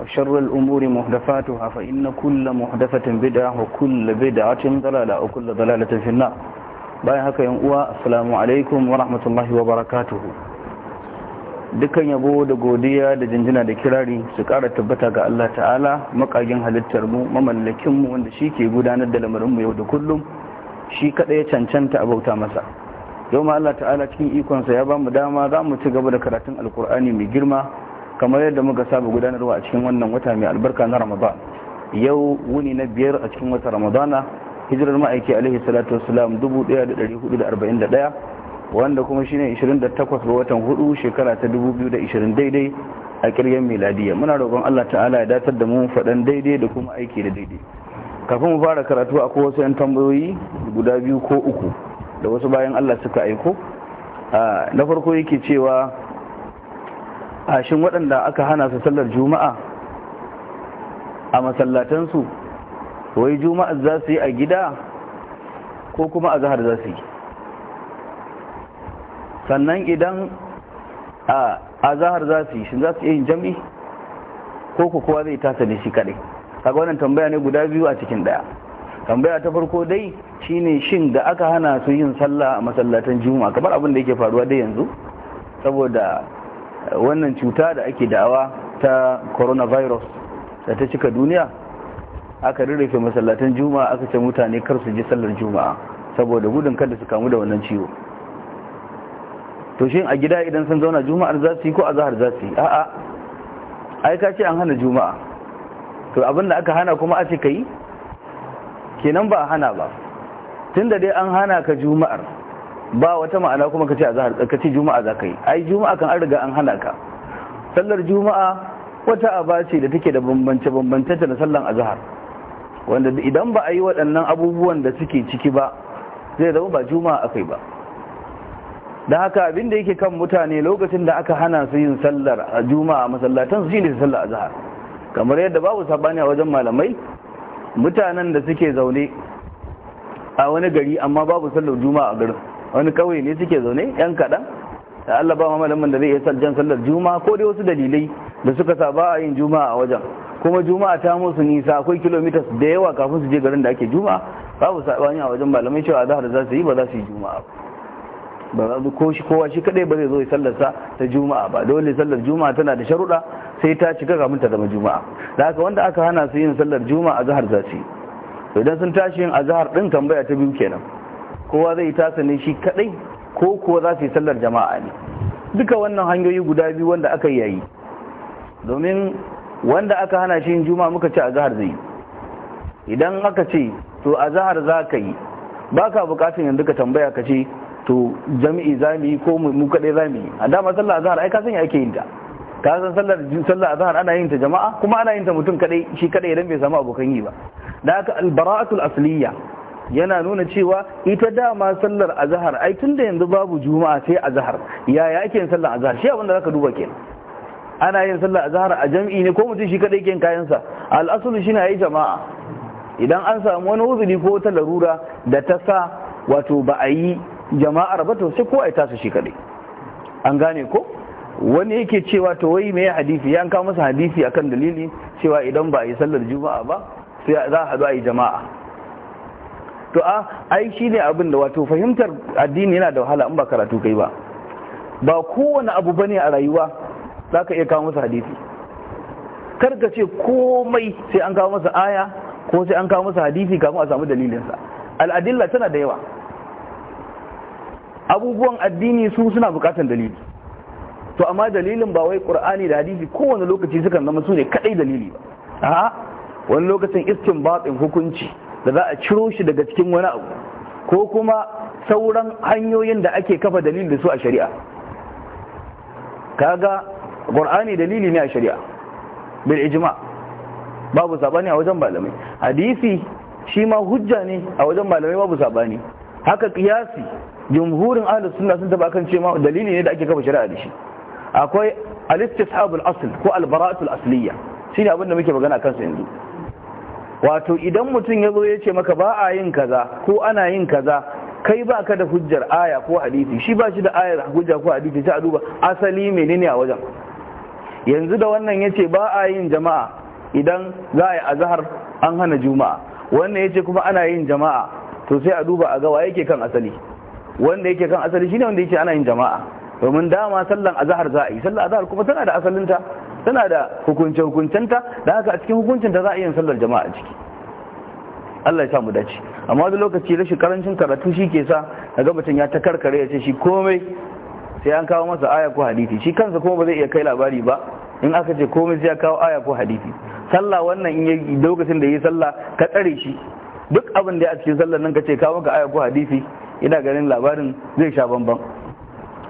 وشر الأمور محدثاتها فإن كل محدثة بدعة وكل بدعة ضلالة وكل ضلالة في النار باي هكا ينقوى السلام عليكم ورحمة الله وبركاته dukkan yabo da godiya da jinjina da kirari su kara tabbata ga Allah ta'ala makagin halittar mu mamallakin mu wanda shi ke gudanar da lamarin mu yau da kullum shi kaɗai ya cancanta a bauta masa yau ma Allah ta'ala cikin ikonsa ya ba mu dama za mu ci gaba da karatun alkur'ani mai girma kamar yadda muka saba gudanarwa a cikin wannan wata mai albarka na ramadan yau wuni na biyar a cikin wata ramadana hijirar ma'aiki alaihi salatu wasalam 1441 wanda kuma shine 28 ga watan hudu shekara ta 2020 daidai a kirgen miladiya muna roƙon Allah ta'ala ya datar da mu faɗan daidai da kuma aiki da daidai kafin mu fara karatu akwai wasu 'yan tambayoyi guda biyu ko uku da wasu bayan Allah suka aiko ah, na farko yake cewa a shin waɗanda aka hana su sallar juma'a a masallatansu wai juma'a za su yi a gida ko kuma a zahar za su yi sannan idan a zahar za su yi shi za su yi jam'i ko ku zai tasa da shi kaɗai kaga wannan tambaya ne guda biyu a cikin ɗaya tambaya ta farko dai shine shin da aka hana su yin sallah a masallatan juma'a kamar abin da yake faruwa dai yanzu saboda wannan cuta da ake da'awa ta coronavirus da ta cika duniya aka rirrufe masallatan juma'a aka ce mutane kar su ji sallar juma'a saboda gudun kada su kamu da wannan ciwo to shin a gida idan sun zauna juma'ar za su yi ko azahar za su yi a'a ai ka ce an hana juma'a to abinda aka hana kuma a ce kai kenan ba a hana ba tunda dai an hana ka juma'ar ba wata ma'ana kuma kace azhar kace juma'a ka yi ai juma'a kan an riga an hana ka sallar juma'a wata aba ce da take da bambance bambancenta da sallan azhar wanda idan ba a yi waɗannan abubuwan da suke ciki ba zai zama ba juma'a akai ba da haka abin da yake kan mutane lokacin da aka hana su yin sallar a juma'a masallatan su shine sallar azhar kamar yadda babu sabani a wajen malamai mutanen da suke zaune a wani gari amma babu sallar juma'a a garin wani kauye ne suke zaune yan kaɗan da Allah ba malamin da zai iya jan sallar juma'a ko dai wasu dalilai da suka sa ba a yin juma'a a wajen kuma juma'a ta musu nisa akwai kilomita da yawa kafin su je garin da ake juma'a babu sabani a wajen malamai cewa zahar za su yi ba za su yi juma'a ba za su koshi kowa shi kadai ba zai zo sallar sa ta juma'a ba dole sallar juma'a tana da sharuɗa sai ta cika kafin ta zama juma'a da haka wanda aka hana su yin sallar juma'a zahar za su yi idan sun tashi yin azhar din tambaya ta biyu kenan kowa zai tasa ne shi kadai ko kuwa za su yi sallar jama'a ne duka wannan hanyoyi guda biyu wanda aka yayi domin wanda aka hana shi juma'a muka ce azhar zai idan aka ce to azhar za ka yi baka bukatun yanzu ka tambaya ka ce to jami'i za mu yi ko mu kadai za mu yi a dama sallar azhar ai ka san ake yin ta ka san sallar sallar azhar ana yin ta jama'a kuma ana yin ta mutum kadai shi kadai idan bai samu abokan yi ba da haka albara'atul asliya yana nuna cewa ita dama sallar azahar ai tun da yanzu babu juma'a sai azahar. yaya ake yin sallar azahar? shi abinda zaka duba kenan ana yin sallar azahar a jam'i ne ko mutum shi kadai yin kayan sa al'asulu shine ayi jama'a idan an samu wani uzuri ko wata larura da ta sa wato ba a yi jama'ar ba to sai ko ai tasu shi kadai an gane ko wani yake cewa to wai me hadisi ya an masa hadisi akan dalili cewa idan ba a yi sallar juma'a ba sai za a haɗu a yi jama'a to a ai ne abin da wato fahimtar addini yana da wahala in ba karatu kai ba ba kowane abu ba ne a rayuwa za ka iya kawo masa hadisi kar ka ce komai sai an kawo masa aya ko sai an kawo masa hadisi kafin a samu dalilinsa al'adilla tana da yawa abubuwan addini su suna bukatan dalili to amma dalilin ba wai ƙur'ani da hadisi kowane lokaci sukan zama su ne kadai dalili ba a'a wani lokacin iskin batsin hukunci da za a ciro shi daga cikin wani abu ko kuma sauran hanyoyin da ake kafa dalil da su a shari'a kaga qur'ani dalili ne a shari'a bil ijma babu sabani a wajen malamai hadisi shi ma hujja ne a wajen malamai babu sabani haka kiyasi jumhurin ahlus sunna sun taba kan cewa dalili ne da ake kafa shari'a da shi akwai al istihab al-asl ko al-bara'atu al-asliyya shine abin da muke magana kansa yanzu wato idan mutum ya zo ya ce maka ba a yin kaza ko ana yin kaza kai ba ka da hujjar aya ko hadisi shi ba shi da ayar hujja ko hadisi sai a duba asali menene a wajen yanzu da wannan ya ce ba a yin jama'a idan za a yi azahar an hana juma'a wannan ya ce kuma ana yin jama'a to sai a duba a gawa yake kan asali wanda yake kan asali shine wanda yake ana yin jama'a domin dama sallan azahar za a yi sallan azahar kuma tana da asalinta tana da hukunce hukuncenta da haka a cikin hukuncinta za a yin sallar jama'a a ciki Allah ya samu dace amma wani lokaci rashin karancin karatu shi ke sa a mutum ya ta karkare ya ce shi komai sai an kawo masa aya ko hadisi shi kansa kuma ba zai iya kai labari ba in aka ce komai sai ya kawo aya ko hadisi sallah wannan in lokacin da ya yi sallah ka tsare shi duk abin da ya a cikin sallar nan ka ce kawo ka aya ko hadisi ina ganin labarin zai sha bambam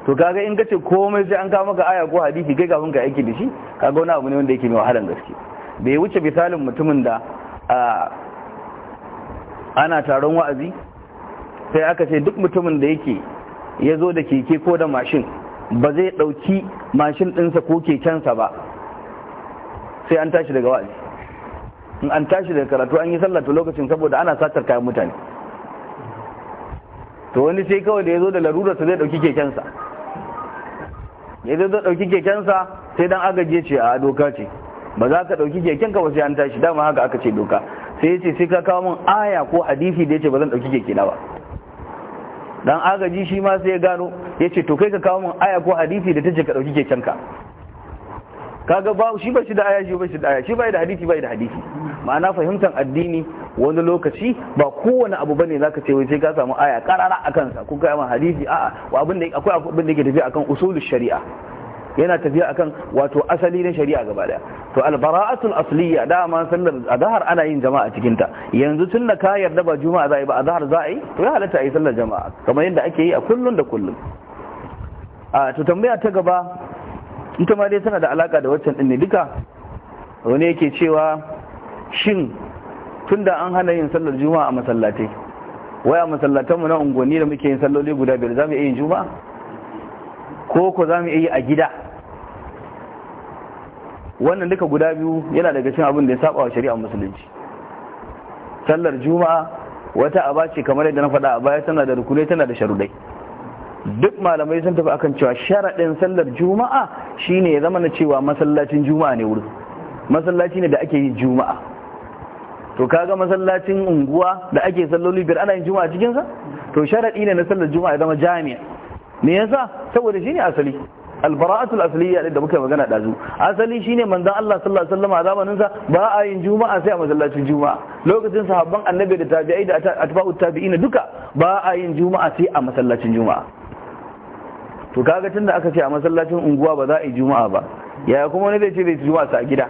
to kaga in kace komai sai an kawo maka aya ko hadisi kai kafin ka aiki da shi kaga wani abu ne wanda yake mai wahalan gaske bai wuce misalin mutumin da ana taron wa'azi sai aka ce duk mutumin da yake ya zo da keke ko da mashin ba zai ɗauki mashin ɗinsa ko kekensa ba sai an tashi daga wa'azi in an tashi daga karatu an yi sallata lokacin saboda ana satar kayan mutane to wani sai kawai da ya zo da larurarsa zai ɗauki kekensa ya zai zai ɗauki kekensa sai dan agaje ce a doka ce ba za ka ɗauki keken ka ba sai an tashi dama haka aka ce doka sai ya ce sai ka kawo min aya ko hadisi da ya ce ba zan ɗauki keke ba dan agaji shi ma sai ya gano ya ce to kai ka kawo min aya ko hadisi da ta ce ka ɗauki keken ka kaga ba shi ba shi da aya shi ba shi da aya shi ba da hadisi ba da hadisi ma'ana fahimtar addini wani lokaci ba kowane abu bane zaka ce wai sai ka samu aya karara akan sa ko ka mai hadisi a'a wa abin da akwai abin da yake tafiya akan usulul shari'a yana tafiya akan wato asali na shari'a gaba daya to albara'atul asliya dama sallar azhar ana yin jama'a cikin ta yanzu tun da ka yarda ba juma'a za ba azhar za yi to ya halatta yi sallar jama'a kamar yadda ake yi a kullun da kullun a to tambaya ta gaba ita ma dai tana da alaka da waccan din ne duka wani yake cewa shin tun da an hana yin sallar juma'a a masallatai waya a masallatanmu na unguwanni da muke yin salloli guda biyar za mu iya yin juma'a ko ko za mu iya yi a gida wannan duka guda biyu yana daga cikin abin da ya saba wa shari'ar musulunci sallar juma'a wata abaci ce kamar yadda na faɗa a baya tana da rukunai tana da sharudai duk malamai sun tafi akan cewa sharaɗin sallar juma'a shine ya zama na cewa masallacin juma'a ne wurin masallaci ne da ake yin juma'a to kaga masallacin unguwa da ake salloli biyar ana yin juma'a cikin sa to sharadi ne na sallar juma'a ya zama jami'a me yasa saboda shine asali albara'atul asliya da muka magana dazu asali shine manzon Allah sallallahu alaihi wasallam a zamanin sa ba a yin juma'a sai a masallacin juma'a lokacin sahabban annabi da tabi'ai da atba'u tabi'in duka ba a yin juma'a sai a masallacin juma'a to kaga tunda aka ce a masallacin unguwa ba za a yi juma'a ba yaya kuma ne zai ce zai juma'a sa a gida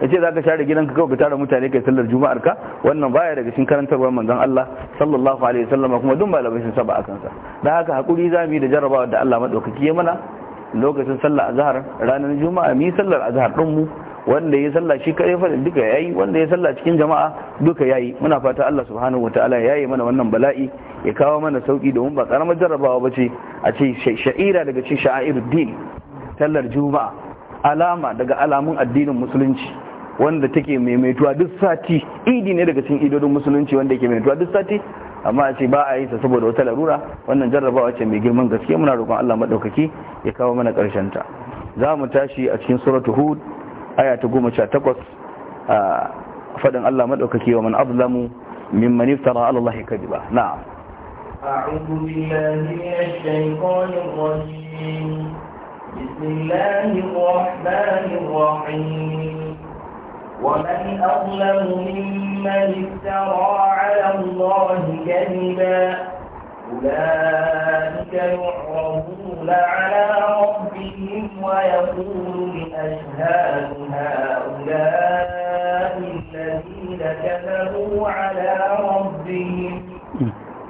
ya ce za ka share gidanka kawai ka tara mutane kai sallar juma'ar ka wannan baya daga cikin karantarwar manzon Allah sallallahu alaihi wasallam kuma dun malamai sun saba akan sa dan haka hakuri zamu da jarrabawa da Allah madaukaki ya mana lokacin sallar azhar ranar juma'a mi sallar azhar din mu wanda ya sallah shi kare fa duka yayi wanda ya sallah cikin jama'a duka yayi muna fata Allah subhanahu wataala yayi mana wannan bala'i ya kawo mana sauki domin ba karamar ba ce. a ce sha'ira daga cikin sha'irud sallar juma'a alama daga alamun addinin musulunci wanda take maimaituwa duk sati idi ne daga cikin idodin musulunci wanda yake maimaituwa duk sati amma a ce ba a yi sa saboda wata larura wannan jarrabawa ce mai girman gaske muna roƙon Allah madaukaki ya kawo mana ƙarshen ta za mu tashi a cikin suratu hud aya ta goma sha takwas a faɗin Allah madaukaki wa man azlamu mimman iftara ala Allah kadiba na'am أعوذ بالله من الشيطان الرجيم بسم الله الرحمن الرحيم ومن أظلم ممن افترى على الله كذبا أولئك يعرضون على ربهم ويقول الأشهاد هؤلاء الذين كذبوا على ربهم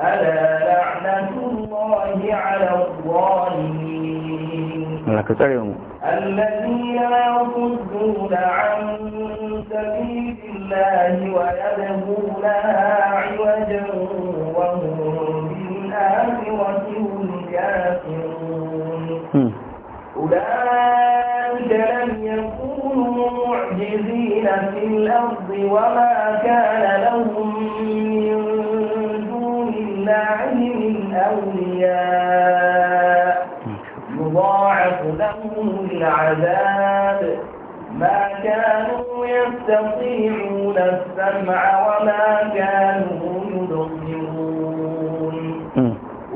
ألا لعنة الله على الظالمين Allah ka tsare mu allazina yasudduna an sabilillahi wa yadhuna iwajan wa hum bil akhirati hum kafirun أولئك لم يكونوا معجزين في الأرض وما كان لهم من دون الله من أولياء جاءهم العذاب ما كانوا يستطيعون السمع وما كانوا يظهرون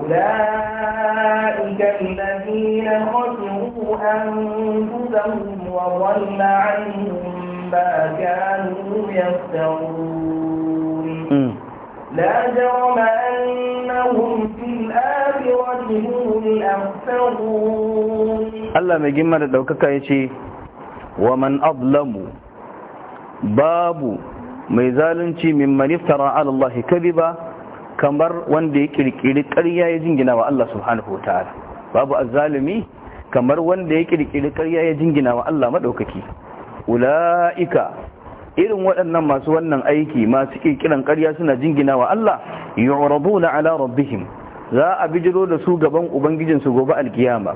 أولئك الذين خسروا أنفسهم وضل عنهم ما كانوا يفترون لا جرم أنهم في الآخرة هم الأخسرون الله مجمع دوكك يشي ومن أظلم باب ميزالنشي ممن افترى على الله كذبا kamar wanda ya kirkiri ƙarya ya jingina wa Allah subhanahu wa ta'ala babu azzalimi kamar wanda ya kirkiri ƙarya ya jingina wa Allah madaukaki ula'ika irin waɗannan masu wannan aiki masu kirkiran ƙarya suna jingina wa Allah yu'raduna ala rabbihim za a bijiro da su gaban ubangijin su gobe alkiyama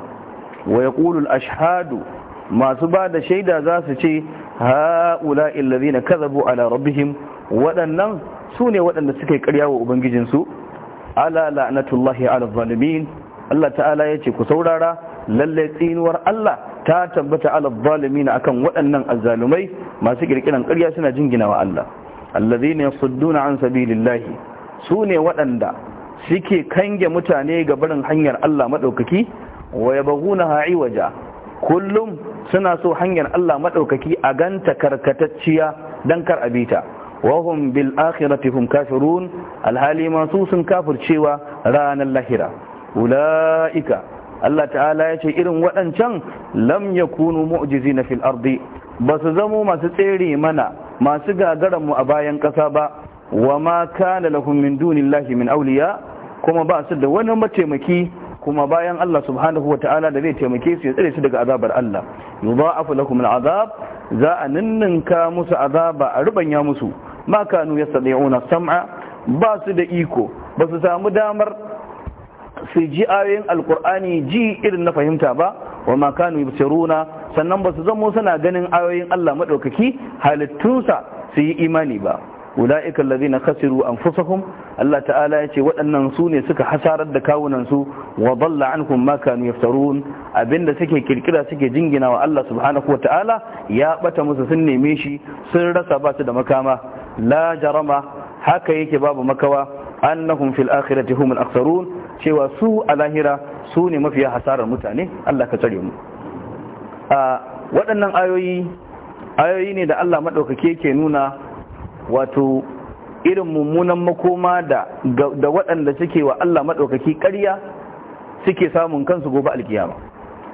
wa yaqulu ashhadu masu ba da shaida za su ce ha'ula illazina kadhabu ala rabbihim waɗannan su ne waɗanda suka karya ƙarya wa ubangijin su ala la'natullahi ala zalimin Allah ta'ala yace ku saurara lalle tsinuwar Allah ta tabbata ala zalimin akan waɗannan azzalumai masu kirkiran ƙarya suna jingina wa Allah allazina yasudduna an sabilillahi su ne waɗanda suke kange mutane ga barin hanyar Allah madaukaki wa yabghunaha iwaja kullum suna so hanyar Allah madaukaki a ganta karkatacciya dan kar abita wa hum bil akhirati hum kafirun alhali masu su sun kafircewa ranar lahira ulaika Allah ta'ala ya ce irin waɗancan lam mu'jizi na fil ardi ba su zamo masu tsere mana masu gagaran mu a bayan ƙasa ba wa ma kana lahum min dunillahi min awliya kuma ba su da wani mataimaki kuma bayan Allah subhanahu wata'ala da zai taimake su ya tsare su daga azabar Allah yudha'afu lahum al'azab za a ninninka musu azaba a rubanya musu ma kanu yastati'una sam'a ba su da iko ba su samu damar su ji ayoyin alkur'ani ji irin na fahimta ba wa ma yubsiruna sannan ba su zamo suna ganin ayoyin Allah madaukaki halittunsa su yi imani ba ulaika allazina khasiru anfusahum Allah ta'ala ya ce waɗannan su ne suka hasarar da kawunan su wa dalla anhum ma kanu yaftarun abinda suke kirkira suke jingina wa Allah subhanahu wa ta'ala ya bata musu sun neme shi sun rasa ba su da makama la jarama haka yake babu makawa annahum fil akhirati humul aktharun cewa su a lahira su ne mafiya hasarar mutane Allah ka tsare mu a waɗannan ayoyi ayoyi ne da Allah maɗaukake ke nuna wato irin mummunan makoma da da waɗanda suke wa Allah maɗaukaki ƙarya suke samun kansu gobe alkiyama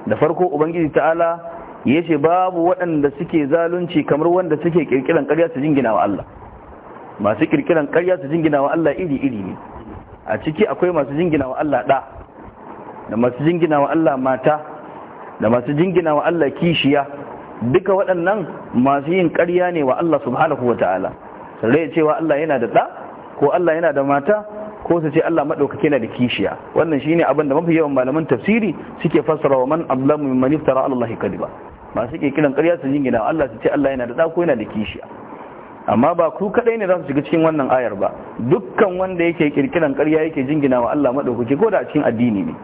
da farko ubangiji ta'ala ya ce babu waɗanda suke zalunci kamar wanda suke kirkiran ƙarya su jingina wa Allah masu kirkiran ƙarya su jingina wa Allah iri iri ne a ciki akwai masu jingina wa Allah ɗa da masu jingina wa Allah mata da masu jingina wa Allah kishiya duka waɗannan masu yin ƙarya ne wa Allah subhanahu wata'ala sai cewa Allah yana da ɗa ko Allah yana da mata ko su ce Allah maɗaukaki yana da kishiya wannan shine abin da mafi yawan malaman tafsiri suke fassara wa man ablamu mimman iftara Allah kadiba masu ke kiran ƙarya su jingina wa Allah su ce Allah yana da ɗa ko yana da kishiya amma ba ku kadai ne za su shiga cikin wannan ayar ba dukkan wanda yake kirkiran ƙarya yake jingina wa Allah madaukaki ko da a cikin addini ne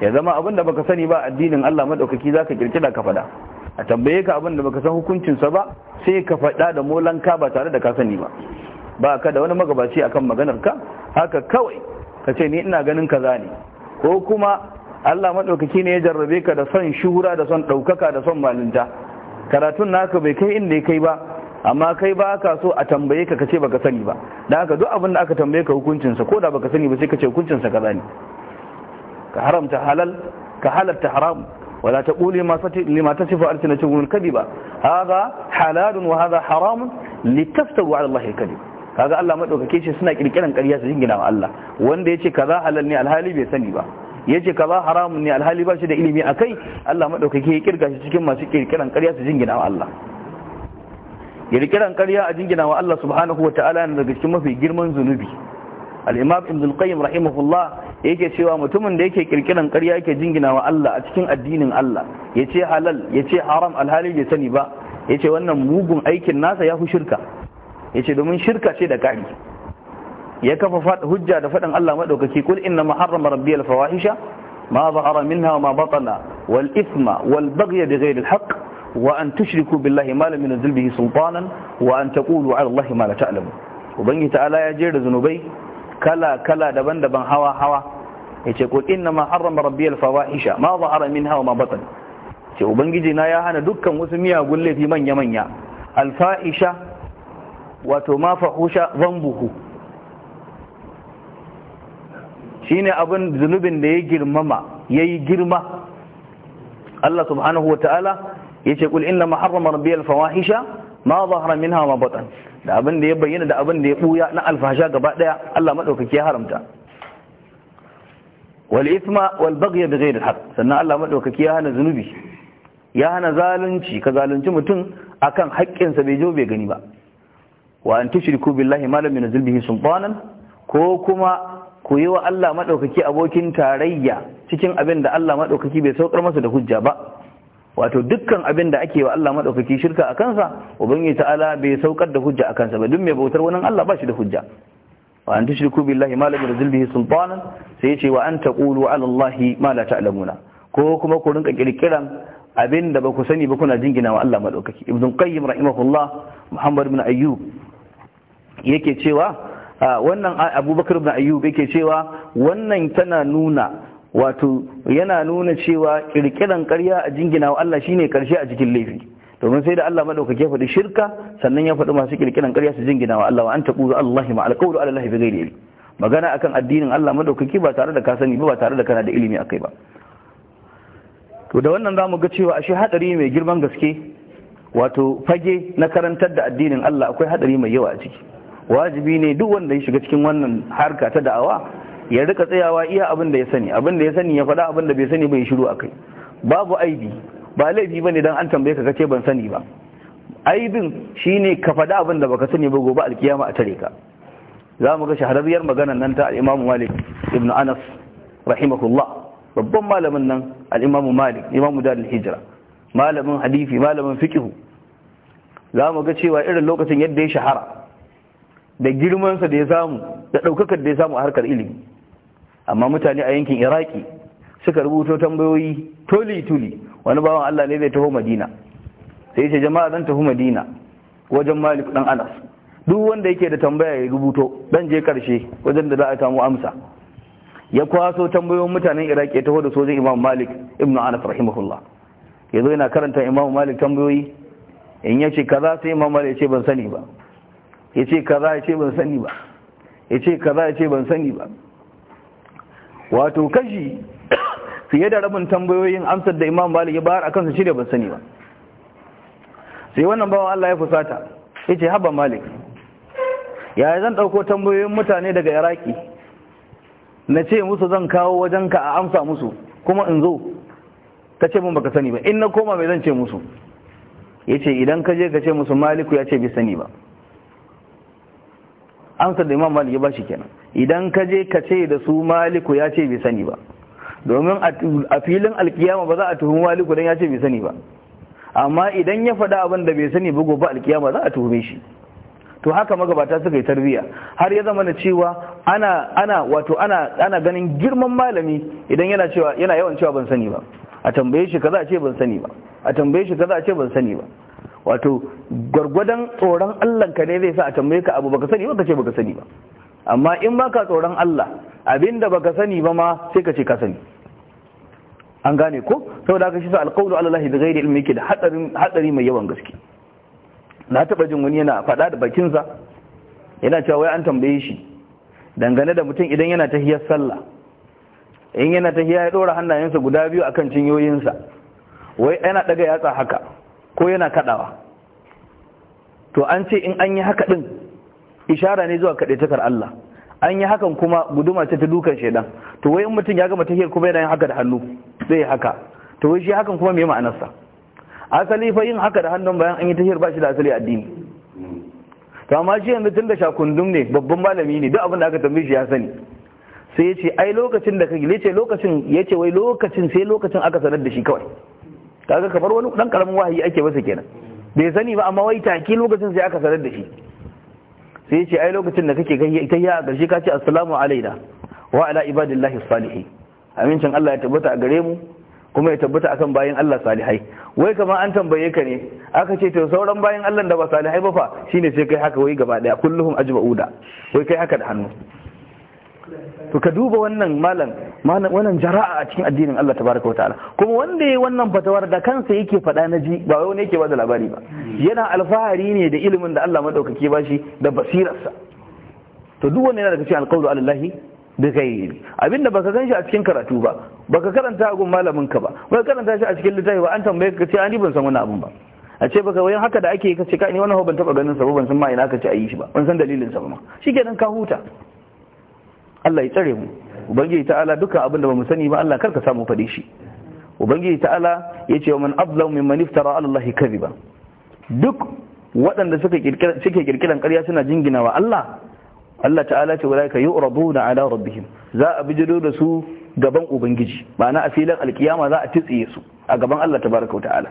ya zama abin da baka sani ba addinin Allah madaukaki zaka kirkira ka fada a tambaye ka abin da baka san hukuncin sa ba sai ka fada da molanka ba tare da ka sani ba ba ka da wani magabaci akan maganar ka haka kawai ka ce ni ina ganin kaza ne ko kuma Allah madaukaki ne ya jarrabe ka da son shura da son ɗaukaka da son malinta karatun naka bai kai inda ya kai ba amma kai ba ka so a tambaye ka kace baka sani ba da haka duk abin da aka tambaye ka hukuncin sa koda baka sani ba sai kace hukuncin sa kaza ne ka haramta halal ka halatta haram wala quli ma sati lima tasifu alsinatukum kadiba hadha halalun wa hadha haramun litaftaru ala allahi kadib kaga Allah madaukake shi suna kirkiran ƙarya su jingina wa Allah wanda yace kaza halal ne alhali bai sani ba yace kaza haramun ne alhali ba shi da ilimi akai Allah madaukake ya kirkashi cikin masu kirkiran ƙarya su jingina wa Allah kirkiran karya a jingina wa Allah subhanahu wa ta'ala na daga cikin mafi girman zunubi al-imam ibn qayyim rahimahullah yake cewa mutumin da yake kirkiran karya yake jingina wa Allah a cikin addinin Allah yace halal yace haram alhali bai sani ba yace wannan mugun aikin nasa ya fi shirka ce domin shirka ce da kari ya kafa hujja da faɗin Allah maɗaukaki kul inna ma harrama rabbi al-fawahisha ma zahara minha wa ma batana wal ithma wal baghya bighayri al-haqq wa an tushriku billahi ma lam yunzil bihi sultanan wa an taqulu ala allahi ma la ta'lamu ubangiji ta'ala ya jera zunubai kala kala daban-daban hawa hawa yace ko inna ma harrama rabbi al-fawahisha ma zahara minha wa ma batan ce ubangiji na ya hana dukkan wasu miyagun laifi manya manya al-fahisha wato ma fahusha zambuhu shine abin zunubin da ya girmama yayi girma Allah subhanahu wa ta'ala yace kul inna ma harrama rabbiyal fawahisha ma zahara minha ma batan da abin da ya bayyana da abin da ya buya na alfasha gaba daya Allah madaukaki ya haramta wal ithma wal baghy bighayr al haqq sannan Allah madaukaki ya hana zunubi ya hana zalunci ka zalunci mutum akan sa bai jo bai gani ba wa an tushriku billahi ma lam yunzil bihi sultanan ko kuma ku yi wa Allah madaukaki abokin tarayya cikin abin da Allah madaukaki bai saukar masa da hujja ba wato dukkan abin da ake wa Allah madaukaki shirka a kansa ubangiji ta'ala bai saukar da hujja a kansa ba dun mai bautar wani Allah ba shi da hujja wa an tushriku billahi ma la yunzil bihi sultanan sai yace wa an taqulu ala Allahi ma la ta'lamuna ko kuma ku rinka kirkiran abin da ba ku sani ba kuna jingina wa Allah madaukaki ibn qayyim rahimahullah muhammad ibn ayyub yake cewa wannan abubakar ibn ayyub yake cewa wannan tana nuna wato yana nuna cewa kirkiran ƙarya a jingina wa Allah shine karshe a cikin laifi domin sai da Allah madaukake faɗi shirka sannan ya faɗi masu kirkiran ƙarya su jingina wa Allah wa an taqulu Allahu ma alqawlu ala Allah bighairi magana akan addinin Allah madaukake ba tare da ka sani ba tare da kana da ilimi akai ba to da wannan zamu ga cewa ashe hadari mai girman gaske wato fage na karantar da addinin Allah akwai hadari mai yawa a ciki wajibi ne duk wanda ya shiga cikin wannan harka ta da'awa ya rika tsayawa iya abin da ya sani abin da ya sani ya faɗa abin da bai sani bai shiru a kai babu aibi ba laifi ba ne don an tambaye ka kace ban sani ba aibin ne ka faɗa abin da baka sani ba gobe alkiyama a tare ka za mu ga shahararriyar maganar nan ta al'imamu Malik ibn Anas rahimahullah babban malamin nan al'imamu Malik imamu dalil hijira, malamin hadisi malamin fiqh za mu ga cewa irin lokacin yadda ya shahara da girmansa da ya samu da ɗaukakar da ya samu a harkar ilimi amma mutane a yankin iraki suka rubuto tambayoyi toli tuli wani bawan Allah ne zai taho madina sai ce jama'a zan taho madina wajen malik dan anas duk wanda yake da tambaya ya rubuto dan je karshe wajen da za a samu amsa ya kwaso tambayoyin mutanen iraki ya taho da sojin imam malik ibn anas rahimahullah ya zo yana karanta imam malik tambayoyi in ya ce kaza sai imam malik ya ce ban sani ba ya ce kaza ya ce ban sani ba ya ce kaza ya ce ban sani ba wato kashi fiye da rabin tambayoyin amsar da imam malik ya bayar akan su shirya ban sani ba sai wannan bawa Allah ya fusata yace haba malik yaya zan ɗauko tambayoyin mutane daga iraki na ce musu zan kawo ka a amsa musu kuma in zo ta ce mun baka sani ba in na koma mai zan ce musu ce idan ka je ka ce musu maliku ya ce bai sani ba amsar da imam malik ya bashi kenan idan ka je ka ce da su maliku ya ce bai sani ba domin a filin alkiyama ba za a tuhumi maliku dan ya ce bai sani ba amma idan ya faɗa abin da bai sani ba gobe alkiyama za a tuhume shi to haka magabata suka yi tarbiya har ya zama na cewa ana ana wato ana ana ganin girman malami idan yana cewa yana yawan cewa ban sani ba a tambaye shi kaza a ce ban sani ba a tambaye shi kaza a ce ban sani ba wato gwargwadon tsoron Allah ka ne zai sa a tambaye ka abu baka sani ba ka ce baka sani ba amma in baka tsoron Allah abinda baka sani ba ma sai ka ce ka sani an gane ko saboda haka shi sa alqaulu ala allahi bighairi ilmi yake da hadarin hadari mai yawan gaske na taba jin wani yana fada da bakin sa yana cewa wai an tambaye shi dangane da mutum idan yana tahiyar sallah in yana tahiya ya dora hannayensa guda biyu akan cinyoyinsa wai yana daga yatsa haka ko yana kaɗawa to an ce in an yi haka ɗin ishara ne zuwa kaɗaitakar Allah an yi hakan kuma guduma ce ta dukan shaidan to wai in mutum ya gama tahiyar kuma yana yin haka da hannu zai haka to wai shi hakan kuma me ma'anarsa asali fa yin haka da hannun bayan an yi tahiyar ba shi da asali addini to amma shi yanzu tun da shakundum ne babban malami ne duk abin aka tambaye shi ya sani sai ya ce ai lokacin da kake ce lokacin ya ce wai lokacin sai lokacin aka sanar da shi kawai kaga kamar wani dan karamin wahayi ake masa kenan bai sani ba amma wai taki lokacin sai aka sanar da shi sai ce ai lokacin da kake gahiya ita ya gashi ka ce assalamu alaina wa ala ibadillahi salihin amincin Allah ya tabbata a gare mu kuma ya tabbata akan bayin Allah salihai wai kamar an tambaye ka ne aka ce to sauran bayin Allah da ba salihai ba fa shine sai kai haka wai gaba daya kulluhum ajma'uda wai kai haka da hannu to ka duba wannan malam wannan jara'a a cikin addinin Allah tabaraka wa ta'ala kuma wanda yayi wannan fatawar da kansa yake fada na ji ba wani yake bada labari ba yana alfahari ne da ilimin da Allah madaukake shi da basirarsa to duk wanda yana daga cikin alqawlu alallahi bi ghairi abinda baka ganshi a cikin karatu ba baka karanta a gun malamin ka ba baka karanta shi a cikin littafi ba an tambaye ka ce ni ban san wannan abun ba a ce baka wayan haka da ake kace ka ni wannan ban taba ganin sa ba ban san ma ina kace ayi shi ba ban san dalilin sa ba shikenan ka huta Allah ya tsare mu ubangiji ta'ala duka abin da bamu sani ba Allah karka samu fade shi ubangiji ta'ala yace man azlamu mimman iftara ala Allah kadhiba duk waɗanda suka kirkira suke kirkiran ƙarya suna jinginawa Allah Allah ta'ala ce walaika yu'raduna ala rabbihim za a bijiro da su gaban ubangiji ma'ana a filin alkiyama za a titsiye su a gaban Allah tabaraka wa ta'ala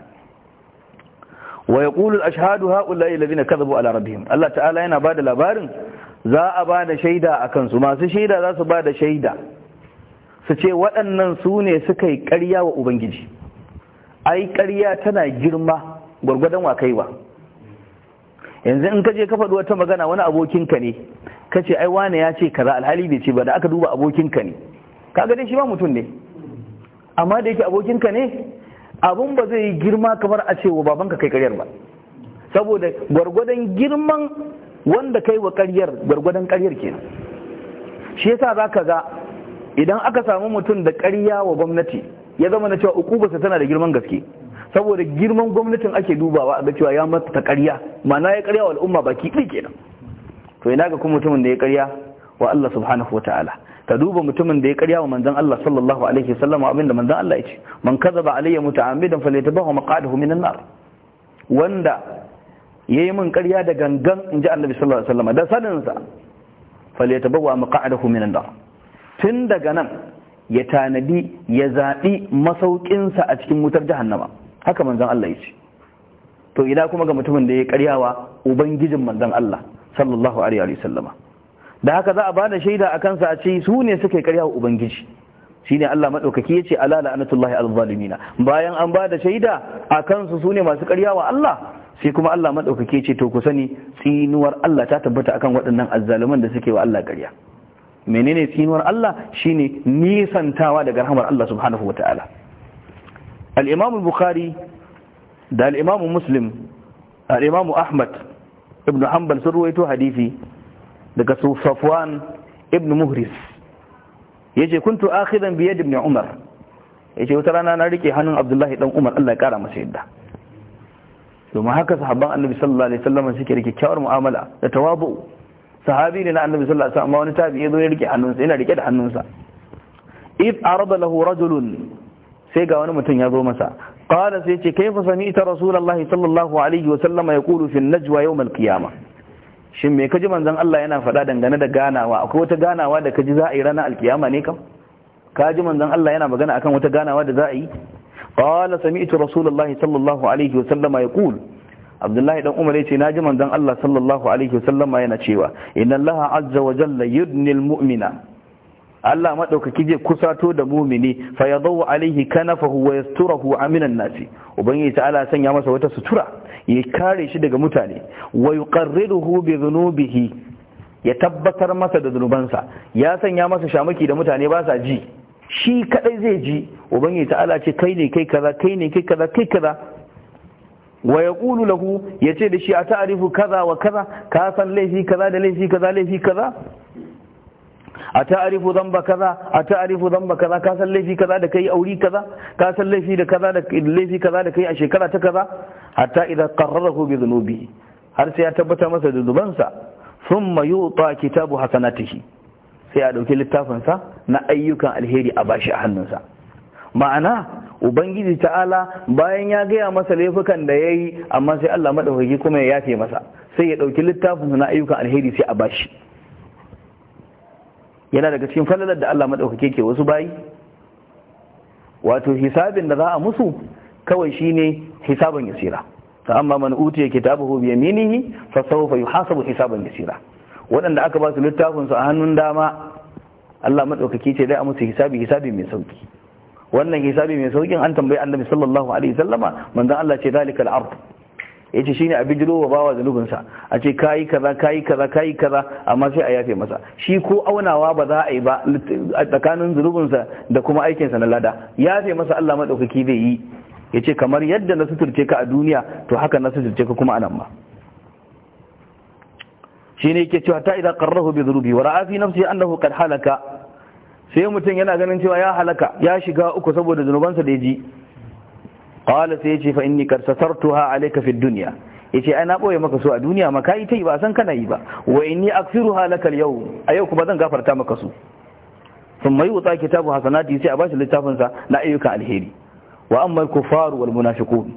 wa yaqulu al-ashhadu ha'ula'i alladhina kadhabu ala rabbihim Allah ta'ala yana bada labarin za a ba da shaida a kansu masu shaida za su ba da shaida su ce waɗannan su ne suka yi ƙarya wa ubangiji ai ƙarya tana girma gwargwadon wa kaiwa yanzu in ka je ka faɗi wata magana wani abokinka ne ka ce ai wane ya ce kaza alhali bai ce ba da aka duba abokinka ne ga dai shi ba mutum ne amma da yake abokinka ne abun ba zai yi girma kamar a ce wa babanka kai karyar ba saboda gwargwadon girman wanda kai wa ƙaryar gwargwadon ƙaryar ke shi yasa za ka ga idan aka samu mutum da ƙarya wa gwamnati ya zama na cewa uku ukubarsa tana da girman gaske saboda girman gwamnatin ake dubawa a ga cewa ya mata ta ƙarya ma'ana ya ƙarya wa al'umma baki ɗi kenan to ina ga kuma mutumin da ya ƙarya wa Allah subhanahu wa ta'ala ka duba mutumin da ya ƙarya wa manzon Allah sallallahu alaihi wasallam abinda manzon Allah ya ce man kazaba alayya muta'ammidan falyatabahu maq'adahu minan nar wanda yayi min karya da gangan inji annabi sallallahu alaihi wasallam da sanin sa falyatabawa maq'adahu minan tun daga nan ya tanadi ya zaɓi masauƙinsa a cikin wutar jahannama haka manzan Allah ya ce to ina kuma ga mutumin da ya karyawa ubangijin manzan Allah sallallahu alaihi wa da haka za a bada shaida a kansa a ce su ne suka yi karyawa ubangiji shine Allah madaukaki yace ala la'anatullahi al-zalimina bayan an bada shaida a kansu su ne masu karyawa Allah sai kuma Allah madaukake ce to ku sani tsinuwar Allah ta tabbata akan waɗannan azzaluman da suke wa Allah ƙarya menene tsinuwar Allah shine nisantawa daga rahmar Allah subhanahu wataala al-Imam al-Bukhari da al-Imam Muslim al-Imam Ahmad ibn Hanbal sun ruwaito hadisi daga Sufwan ibn Muhris yace kuntu akhidan bi yad ibn Umar yace wata rana na rike hannun Abdullahi dan Umar Allah ya kara masa yadda domin haka sahabban annabi sallallahu alaihi wasallam suke rike kyawar mu'amala da tawabu sahabi ne na annabi sallallahu alaihi wasallam wani tabi'i zo ya rike hannunsa yana rike da hannunsa If arada lahu rajulun sai ga wani mutum ya zo masa qala sai ce kaifa sami'ta rasulullahi sallallahu alaihi wasallam yaqulu fi an-najwa yawm al-qiyamah shin me kaji manzon Allah yana faɗa dangane da ganawa akwai wata ganawa da kaji za a yi ranar alkiyama ne kam kaji manzon Allah yana magana akan wata ganawa da za a yi qala sami'tu rasulullahi sallallahu alaihi wa sallama yaqul abdullahi dan umar yace naji manzon Allah sallallahu alaihi wa sallama yana cewa inna allaha azza wa jalla yudni almu'mina Allah madaukaki zai kusato da mumini fa yadau alaihi kanafahu wa yasturahu aminan nasi ubangiji ta'ala sanya masa wata sutura ya kare shi daga mutane wa yuqarriruhu bi dhunubihi ya tabbatar masa da zunubansa ya sanya masa shamaki da mutane ba sa ji shi kadai zai ji ubangiji ta'ala ce kai ne kai kaza kai ne kai kaza kai kaza wa yaqulu lahu yace da shi a ta'rifu kaza wa kaza ka san laifi kaza da laifi kaza laifi kaza a ta'arifu zamba kaza a ta'arifu zamba kaza ka san laifi kaza da kai auri kaza ka san laifi da kaza da laifi kaza da kai a shekara ta kaza hatta idza qarrarahu bi dhunubi har sai ya tabbata masa da dubansa thumma yuta kitabu hasanatihi sai a dauki littafin sa na ayyukan alheri a bashi a hannunsa ma'ana ubangiji ta'ala bayan ya gaya masa laifukan da ya yi amma sai allah maɗaukaki kuma ya yafe masa sai ya ɗauki littafinsa na ayyukan alheri sai a bashi yana daga cikin falalar da allah maɗaukaki ke wasu bayi wato hisabin da za a musu kawai shine hisabin yasira ta amma man utiya kitabahu bi yaminihi fa sawfa yuhasabu hisaban yasira waɗanda aka ba su littafinsu a hannun dama Allah madaukaki ce dai a musu hisabi hisabi mai sauki wannan hisabi mai saukin an tambayi annabi sallallahu alaihi wasallama manzon Allah ce zalikal ard yace shine a bijiro wa bawa zanubin sa a ce kai kaza kai kaza kai kaza amma sai a yafe masa shi ko aunawa ba za a yi ba tsakanin zanubin sa da kuma aikin sa na lada yafe masa Allah madaukaki zai yi yace kamar yadda na suturce ka a duniya to haka na suturce ka kuma anan ma shine yake cewa ta idan qarrahu bi dhurubi wa ra'a fi nafsihi annahu qad halaka sai mutum yana ganin cewa ya halaka ya shiga uku saboda zunubansa da ya ji qala sai yace fa inni qad satartuha alayka fid dunya yace ai na boye maka su a duniya ma kai tai ba san kana yi ba wa inni aghfiruha laka al-yawm a yau kuma zan gafarta maka su thumma yuta kitabu hasanati sai a bashi littafin sa na ayyukan alheri wa amma al-kuffar wal munafiqun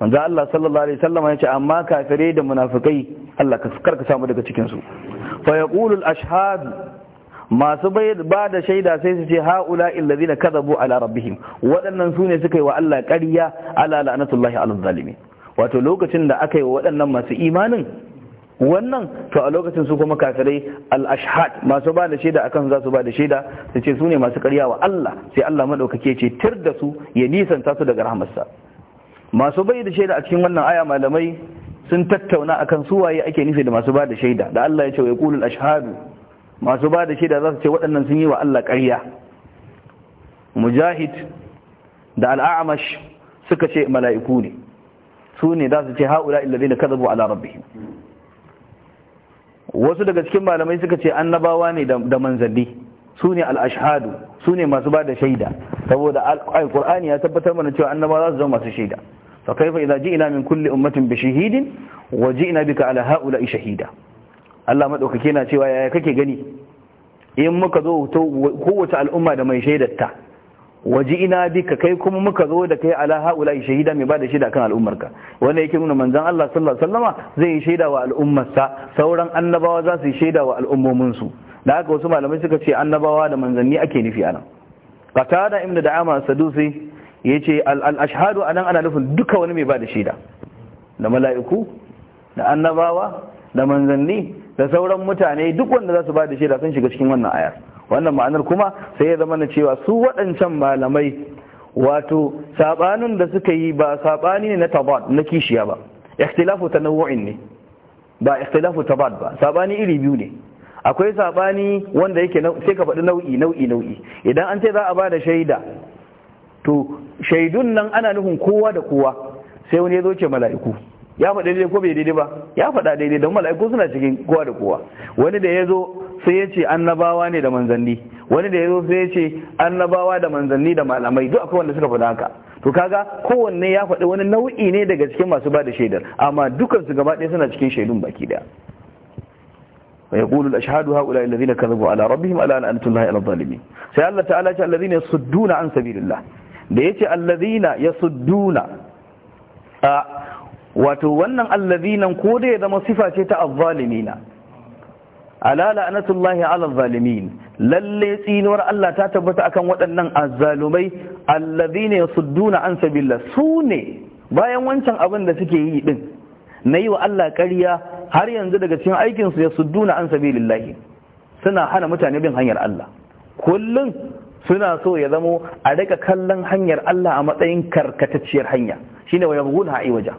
manzo Allah sallallahu alaihi wasallam yace amma kafire da munafikai Allah ka karka samu daga cikin su fa yaqulu al-ashhad masu ba da shaida sai su ce haula illazina kadhabu ala rabbihim waɗannan su ne suka yi wa Allah ƙarya ala la'natullahi ala wato lokacin da aka yi wa waɗannan masu imanin wannan to a lokacin su kuma kafirai al-ashhad masu ba da shaida akan za su ba da shaida su ce su ne masu ƙarya wa Allah sai Allah madaukake ce tir da su ya nisanta su daga rahmarsa masu bai da shaida a cikin wannan aya malamai sun tattauna akan su waye ake nufi da masu ba da shaida da Allah ya ce wa yaqulul ashhadu masu ba da shida za su ce waɗannan sun yi wa Allah ƙarya mujahid da al'amash suka ce mala'iku ne su ne za su ce ha'ula illazi da kazabu ala rabbihim wasu daga cikin malamai suka ce annabawa ne da manzanni su ne al'ashhadu su ne masu ba da shaida saboda alƙur'ani ya tabbatar mana cewa annabawa za su zama masu shaida fa kaifa idza ji'na min kulli ummatin bi shahidin wa ji'na bika ala ha'ula'i shahida Allah maɗaukake na cewa yaya kake gani in muka zo kowace al'umma da mai shaidatta waje ina bika kai kuma muka zo da kai ala haula shahida mai bada shaida kan al'ummarka wanda yake nuna manzan Allah sallallahu zai yi shaida wa al'ummarsa sauran annabawa za su yi shaida wa al'ummominsu da haka wasu malamai suka ce annabawa da manzanni ake nufi anan qatada sadu sai sadusi ce al a nan ana nufin duka wani mai bada shaida da mala'iku da annabawa da manzanni da sauran mutane duk wanda za su ba da shaida sun shiga cikin wannan ayar wannan ma'anar kuma sai ya zama na cewa su waɗancan malamai wato sabanin da suka yi ba sabani ne na tabad na kishiya ba ikhtilafu tanawu'in ne ba ikhtilafu tabad ba sabani iri biyu ne akwai sabani wanda yake sai ka faɗi nau'i nau'i nau'i idan an ce za a ba da shaida to shaidun nan ana nufin kowa da kowa sai wani ya zo ce mala'iku ya faɗa daidai ko bai daidai ba ya faɗa daidai don mala'iku suna cikin kowa da kowa wani da ya zo sai ya ce annabawa ne da manzanni wani da ya zo sai ya ce annabawa da manzanni da malamai duk akwai wanda suka faɗa haka to kaga kowanne ya faɗi wani nau'i ne daga cikin masu ba da shaidar amma su gaba ɗaya suna cikin shaidun baki wa ɗaya ويقول الأشهاد هؤلاء الذين كذبوا على ربهم ألا أنت الله zalimin sai Allah ta'ala ce alladhina yasudduna an sabilillah da yace alladhina yasudduna wato wannan allazinan ko da ya zama sifa ce ta azzalimina ala la'natullahi ala azzalimin lalle tsinuwar Allah ta tabbata akan waɗannan azzalumai allazina yasudduna an sabilla su ne bayan wancan abin da suke yi din nayi wa Allah ƙarya har yanzu daga cikin aikin su yasudduna an sabilillah suna hana mutane bin hanyar Allah kullun suna so ya zamo a rika kallon hanyar Allah a matsayin karkatacciyar hanya shine wa ai aiwaja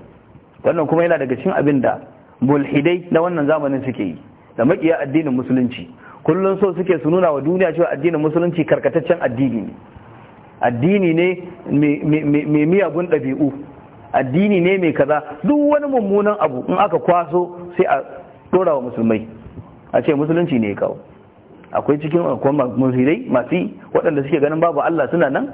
wannan kuma yana daga cikin abin da mulhidai na wannan zamanin suke yi da makiya addinin musulunci kullum so suke su nuna wa duniya cewa addinin musulunci karkataccen addini ne addini ne mai miyagun ɗabi'u addini ne mai kaza duk wani mummunan abu in aka kwaso sai a ɗora wa musulmai a ce musulunci ne ya kawo akwai cikin musulai masu waɗanda suke ganin babu Allah suna nan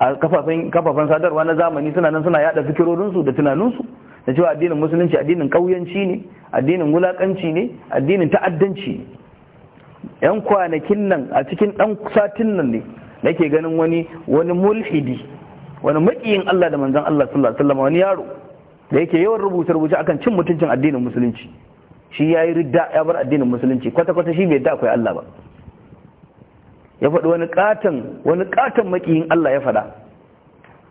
a kafafen sadarwa na zamani suna nan suna yada fikirorinsu da tunaninsu na cewa addinin musulunci addinin kauyanci ne addinin wulakanci ne addinin ta'addanci ne yan kwanakin nan a cikin dan satin nan ne nake ganin wani wani mulhidi wani maƙiyin Allah da manzon Allah sallallahu alaihi wasallam wani yaro da yake yawan rubuta rubuce akan cin mutuncin addinin musulunci shi ya yi ridda ya bar addinin musulunci kwata-kwata shi bai da akwai Allah ba ya faɗi wani ƙaton wani ƙaton maƙiyin Allah ya faɗa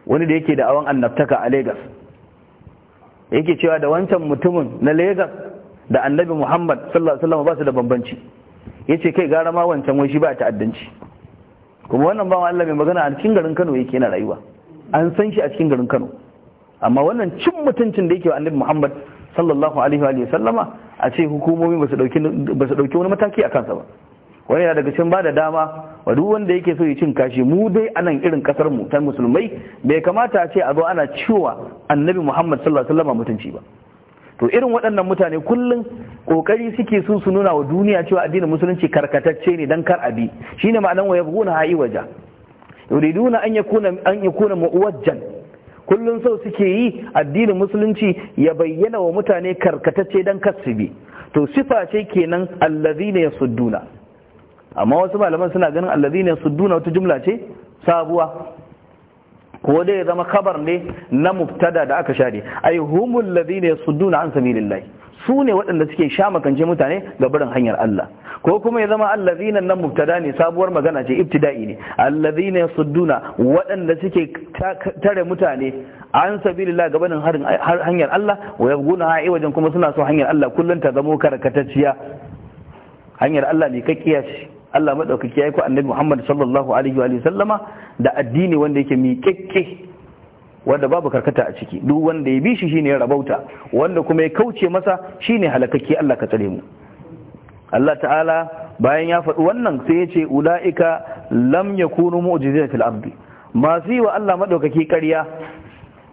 wani da yake da awan annabtaka a Legas yake cewa da wancan mutumin na Legas da annabi Muhammad sallallahu alaihi wasallam ba su da bambanci yace kai gara ma wancan wai shi ba ta'addanci kuma wannan ba Allah mai magana a cikin garin Kano yake na rayuwa an san shi a cikin garin Kano amma wannan cin mutuncin da yake wa annabi Muhammad sallallahu alaihi wa sallama a ce hukumomi ba su dauki wani mataki a kansa ba wani yana daga cikin ba da dama wa duk wanda yake so ya cin kashi mu dai anan irin kasar mu ta musulmai bai kamata a ce a zo ana cewa annabi Muhammad sallallahu alaihi wasallam mutunci ba to irin waɗannan mutane kullum kokari suke su su nuna wa duniya cewa addinin musulunci karkatacce ne dan kar abi shine ma'anan wa yabghuna ha'i waja yuriduna an yakuna an yakuna muwajjan kullun so suke yi addinin musulunci ya bayyana wa mutane karkatacce dan kar bi to sifa ce kenan allazina yasudduna amma wasu malaman suna ganin su duna wata jumla ce sabuwa ko dai ya zama kabar ne na mubtada da aka share ai humul su duna an sabilillahi su ne waɗanda suke sha makance mutane ga barin hanyar Allah ko kuma ya zama allazina nan mubtada ne sabuwar magana ce ibtida'i ne su duna waɗanda suke tare mutane an sabilillah ga barin hanyar Allah wa yabguna ha'i wajen kuma suna so hanyar Allah kullun ta zamo karkatacciya hanyar Allah ne kakkiya ce Allah maɗaukaki ya ku annabi Muhammad sallallahu alaihi wa sallama da addini wanda yake miƙeƙe wanda babu karkata a ciki duk wanda ya bi shi shine rabauta wanda kuma ya kauce masa shine halakakke Allah ka tsare mu Allah ta'ala bayan ya faɗi wannan sai ya ce ula'ika lam yakunu mu'jizina fil ardi masu yi wa Allah madaukaki ƙarya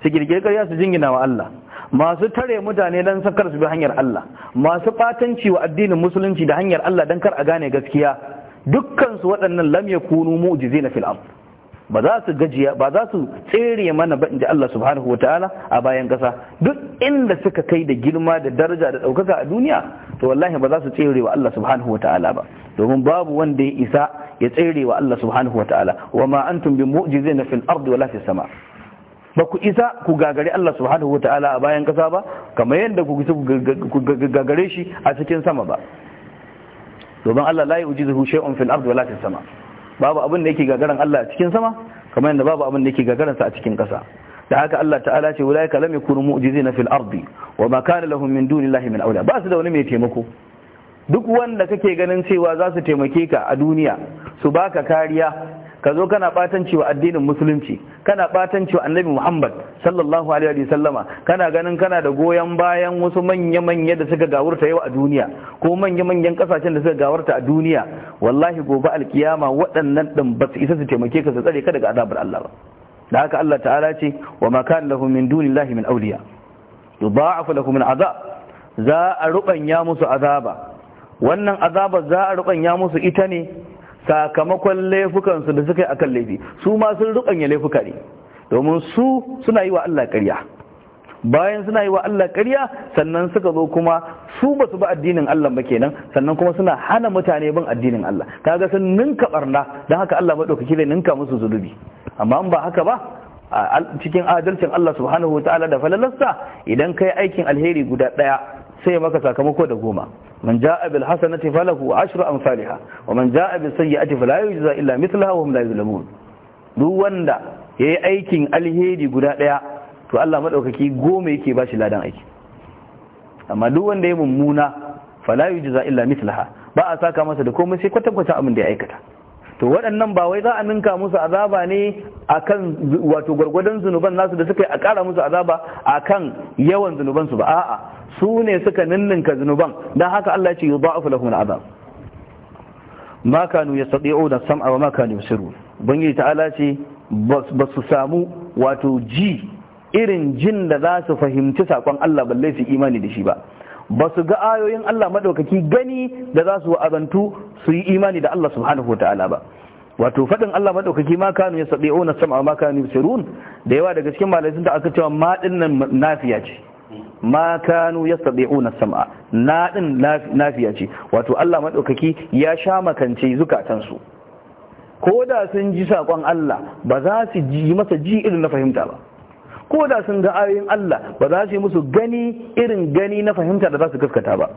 su girgire ƙarya su jingina wa Allah masu tare mutane dan sakar su bi hanyar Allah masu fatanci wa addinin musulunci da hanyar Allah dan kar a gane gaskiya Dukkansu waɗannan lam kunu mu'jizina na ard ba za su gajiya ba za su tsere mana ba inda Allah subhanahu wataala a bayan ƙasa. duk inda suka kai da girma da daraja da ɗaukaka a duniya to wallahi ba za su tsere wa Allah subhanahu wataala ba domin babu wanda ya isa ya tsere wa Allah subhanahu wataala wa ma antum bi mu'jizina fil ardi wala fis sama ba ku isa ku gagare Allah subhanahu wataala a bayan kasa ba kamar yadda ku ku gagare shi a cikin sama ba domin Allah la yujizuhu shay'un fil ardi wala fis sama babu abin da yake gagaran Allah a cikin sama kamar yadda babu abin da yake gagaran sa a cikin ƙasa da haka Allah ta'ala ce ulaika lam yakunu mu'jizina fil ardi wa ma kana lahum min dunillahi min awliya ba su da wani mai taimako duk wanda kake ganin cewa za su taimake ka a duniya su baka kariya ka zo kana batancewa addinin musulunci kana batancewa annabi muhammad sallallahu alaihi wa sallama kana ganin kana da goyon bayan wasu manya-manya da suka gawurta yau a duniya ko manya-manyan kasashen da suka gawarta a duniya wallahi gobe alkiyama waɗannan ɗin ba su isa su taimake ka su tsare ka daga azabar allah ba da haka allah ta'ala ce wa ma kana lahum min dunillahi min awliya yudha'afu lahum min azab za a rubanya musu azaba wannan azaba za a rubanya musu ita ne sakamakon laifukansu da suka yi akan laifi su ma sun laifuka ne domin su suna yi wa Allah ƙarya bayan suna yi wa Allah ƙarya sannan suka zo kuma su ba su ba addinin Allah ba kenan sannan kuma suna hana mutane bin addinin Allah kaga sun ninka barna don haka Allah maɗaukaki zai ninka musu zulubi amma in ba haka ba cikin adalcin Allah subhanahu wa ta'ala da falalasta idan ka yi aikin alheri guda ɗaya sai ya maka sakamako da goma man ja'a bil hasanati falahu ashru amsalha wa man ja'a bis sayyi'ati fala yujza illa mithlaha wa hum la yuzlamun duk wanda yayi aikin alheri guda daya to Allah madaukaki goma yake bashi ladan aiki amma duk wanda ya mummuna fala yujza illa mithlaha ba a saka masa da komai sai kwatankwata abin da ya aikata to waɗannan ba wai za a ninka musu azaba ne kan wato gwargwadon zunuban nasu da suka yi a ƙara musu azaba A kan yawan zunuban su ba a'a su ne suka ninninka zunuban don haka Allah ya ce yudha'afu lahum azab ma kanu yastati'una sam'a wa ma kanu siru bangi ta'ala ce ba su samu wato ji irin jin da za su fahimci saƙon Allah balle su imani da shi ba ba su ga ayoyin Allah maɗaukaki gani da za su wa'azantu su yi imani da Allah subhanahu ta'ala ba wato faɗin Allah madaukaki ma kanu ona sam'a ma kanu yusirun da yawa daga cikin malamai sun ta aka cewa ma nafiya ce ma kanu ona sam'a na din nafiya ce wato Allah madaukaki ya sha makance zukatansu. ko da sun ji saƙon Allah ba za su ji masa ji irin na fahimta ba ko da sun ga ayoyin Allah ba za su yi musu gani irin gani na fahimta da za su gaskata ba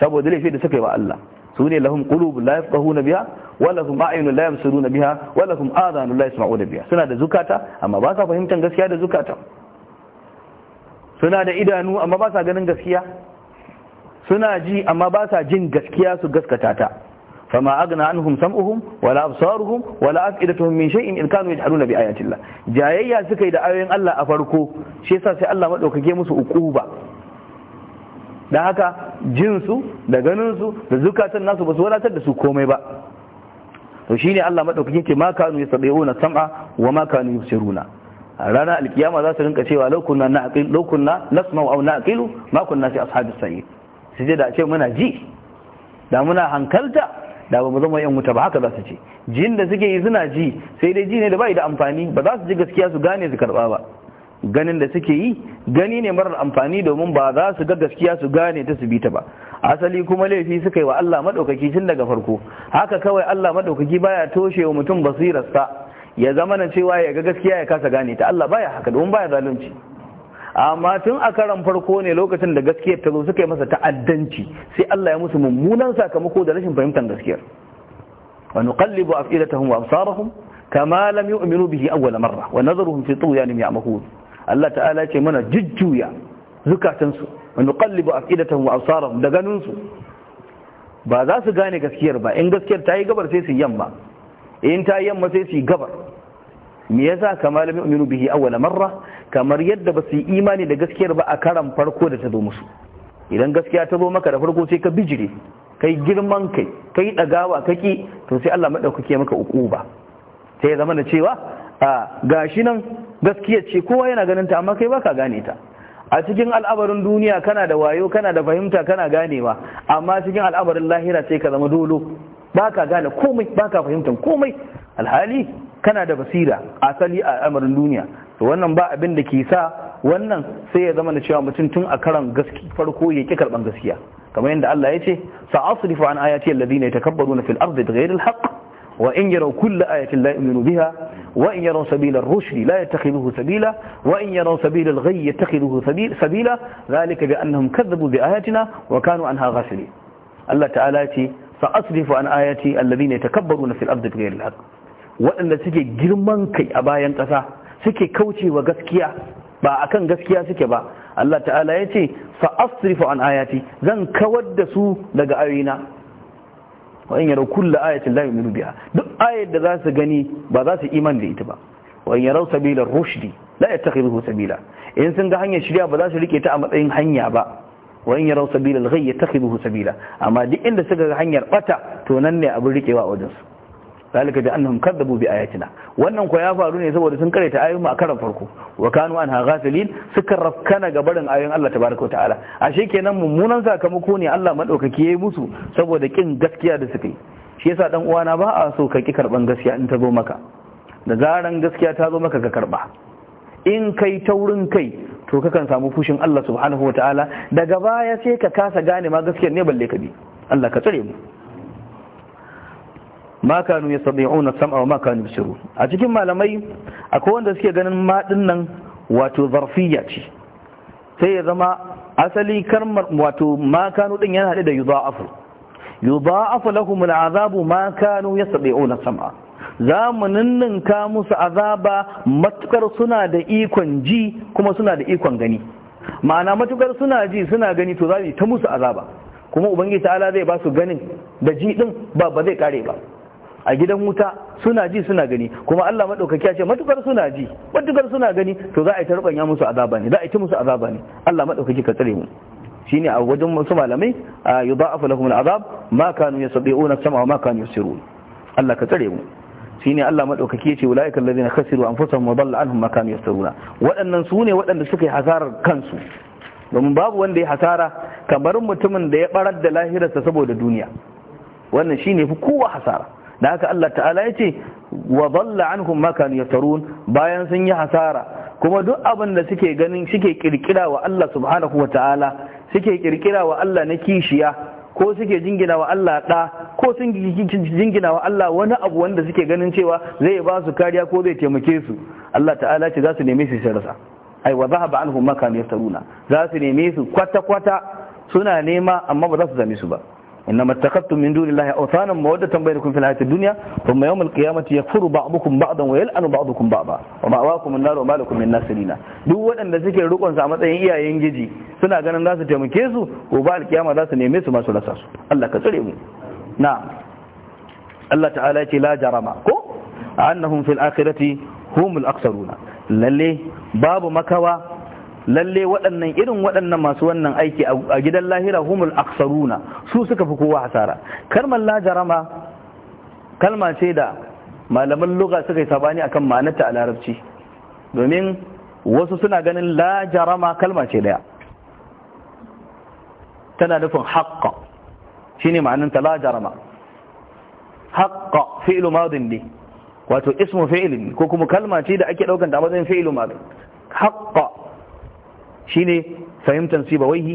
saboda laifi da suka yi wa Allah su ne lahum qulub la yafqahuna biha wa lahum a'yun la yamsuruna biha wa lahum adhan la yasma'una biha suna da zukata amma ba sa fahimtar gaskiya da zukata suna da idanu amma ba sa ganin gaskiya suna ji amma ba sa jin gaskiya su gaskata ta فما أغنى عنهم سمعهم ولا أبصارهم ولا أفئدتهم من شيء إن كانوا يجحدون بآيات الله جايا سكي دا آيين الله أفركو sa سي الله مدوكake musu ba. da haka jinsu da ganinsu da zukatan nasu basu su wadatar da su komai ba to shine Allah madaukake ce ma kanu yasbiuna sam'a wa ma kanu yubsiruna ranar alkiyama za su rinka cewa laukunna na aqil laukunna nasma'u aw na aqilu ma kunna fi ashabis sa'id ce muna ji da muna hankalta da ba mu zama yan wuta ba haka za su ce jin da suke yi suna ji sai dai ji ne da bai da amfani ba za su ji gaskiya su gane su karba ba ganin da suke yi gani ne marar amfani domin ba za su ga gaskiya su gane ta su bi ta ba asali kuma laifi suka yi wa Allah madaukaki tun daga farko haka kawai Allah madaukaki baya toshe wa mutum basirarsa ya zama na cewa ya ga gaskiya ya kasa gane ta Allah baya haka domin baya zalunci amma tun a karan farko ne lokacin da gaskiyar ta zo suka yi masa ta'addanci sai Allah ya musu mummunan sakamako da rashin fahimtar gaskiyar wa nuqallibu afidatahum wa absarahum kama lam yu'minu bihi awwal marra wa nadharuhum fi tughyanihim ya'mahun Allah ta'ala ce mana jujjuya zukatansu wa nuqallibu afidatahum wa absarahum da ganinsu ba za su gane gaskiyar ba in gaskiyar ta yi gabar sai su yamma in ta yamma sai su yi gabar me yasa kamar lam yu'minu bihi awwala marra kamar yadda ba su yi imani da gaskiyar ba a karan farko da ta zo musu idan gaskiya ta zo maka da farko sai ka bijire kai girman kai kai dagawa kaki to sai Allah madaukake maka ukuba sai zama da cewa a gashi nan gaskiya ce kowa yana ganin ta amma kai baka gane ta a cikin al'abarin duniya kana da wayo kana da fahimta kana ganewa amma cikin al'abarin lahira sai ka zama dolo baka gane komai baka fahimtar komai alhali kana da basira asali a al'amarin duniya to wannan ba abin da ke sa wannan sai ya zama da cewa mutum tun a karan gaski farko ya ki karban gaskiya kamar yadda Allah ya ce fa asrifu an ayati alladhina yatakabbaruna fil ardi bighayri alhaq wa in yaraw kull ayatin la yu'minu biha wa in yaraw sabila ar-rushd la yattakhidhuhu sabila wa in yaraw sabila al-ghayy yattakhidhuhu sabila dhalika bi annahum kadhabu bi ayatina wa kanu anha ghafilin Allah ta'ala ya ce fa asrifu an ayati alladhina yatakabbaruna fil ardi bighayri alhaq waɗanda suke girman kai a bayan ƙasa suke kaucewa gaskiya ba akan gaskiya suke ba Allah ta'ala ya ce fa'asrifu an ayati zan kawar da su daga ayoyina wa in yarau kullu ayatin la yu'minu biha duk ayar da za su gani ba za su iman da ita ba wa in yarau sabila rushdi la yattakhidhu sabila in sun ga hanyar shirya ba za su rike ta a matsayin hanya ba wa in yarau sabila al-ghayy yattakhidhu sabila amma duk inda suka ga hanyar bata to nan ne abin rikewa wajen su zalika da annahum kadzabu bi ayatina wannan ko ya faru ne saboda sun karanta ayoyin mu a karan farko wa kanu anha ghafilin suka rafkana ga barin ayoyin Allah tabaraka ta'ala ashe kenan mummunan sakamako ne Allah madaukaki yayi musu saboda kin gaskiya da suka yi shi yasa dan uwana ba a so ka ki karban gaskiya in ta zo maka da zaran gaskiya ta zo maka ka karba in kai taurin kai to kakan samu fushin Allah subhanahu ta'ala daga baya sai ka kasa gane ma gaskiyar ne balle ka bi Allah ka tsare mu ma kanu yastati'una sam'a wa ma kanu bishiru a cikin malamai akwai wanda suke ganin ma nan wato zarfiya ce sai ya zama asali karmar wato ma kanu din yana hade da yudha'afu yudha'afu lahum al'azabu ma kanu yastati'una sam'a za mu ninninka musu azaba matukar suna da ikon ji kuma suna da ikon gani ma'ana matukar suna ji suna gani to za ta musu azaba kuma ubangiji ta'ala zai ba su ganin da ji din ba ba zai kare ba a gidan wuta suna ji suna gani kuma Allah madaukaki ya ce matukar suna ji matukar suna gani to za a yi ta rubanya musu azaba ne za a yi ta musu azaba ne Allah madaukaki ka tsare mu shine a wajen wasu malamai yudha'afu lahum al'azab ma kanu yasbi'una sama wa ma kanu yusirun Allah ka tsare mu shine Allah madaukaki ce ulaika alladhina khasiru anfusahum wa dalla anhum ma kanu yasiruna waɗannan su ne waɗanda suka yi hasarar kansu domin babu wanda ya hasara kamar mutumin da ya barar da lahirarsa saboda duniya wannan shine fi kowa hasara da haka Allah ta'ala ya ce wa dhalla anhum ma ya yaftarun bayan sun yi hasara kuma duk abin da suke ganin suke kirkira wa Allah subhanahu wa ta'ala suke kirkira wa Allah na kishiya ko suke jingina wa Allah ɗa ko sun jingina wa Allah wani abu wanda suke ganin cewa zai ba su kariya ko zai taimake su Allah ta'ala ce za su neme su rasa ai wa dhahaba anhum ma yaftaruna za su neme su kwata kwata suna nema amma ba za su zame su ba إنما اتخذتم من دون الله أوثانا مودة بينكم في الحياة الدنيا ثم يوم القيامة يكفر بعضكم بعضا ويلأن بعضكم بعضا ومأواكم النار وما لكم من ناصرين duk waɗanda suke rukun sa matsayin iyayen giji suna ganin zasu taimake su ko ba alkiyama zasu su neme su masu rasa su Allah ka tsare mu na Allah ta'ala ya ce la jarama ko annahum fil humul aksaruna lalle babu makawa lalle waɗannan irin waɗannan masu wannan aiki a gidan lahira humul aksaruna su suka fi kowa hasara kalmar Lajarama kalma ce da malaman lugha suka yi sabani akan ma'anarta a larabci domin wasu suna ganin Lajarama kalma ce daya tana nufin shi ne ma'anarta lajarama haƙƙa haqqa fi'lu madin ne wato ismu fi'lin ko kuma kalma ce da ake ɗaukanta a matsayin fi'lu madin Haƙƙa. shi ne fahimtar sibawaihi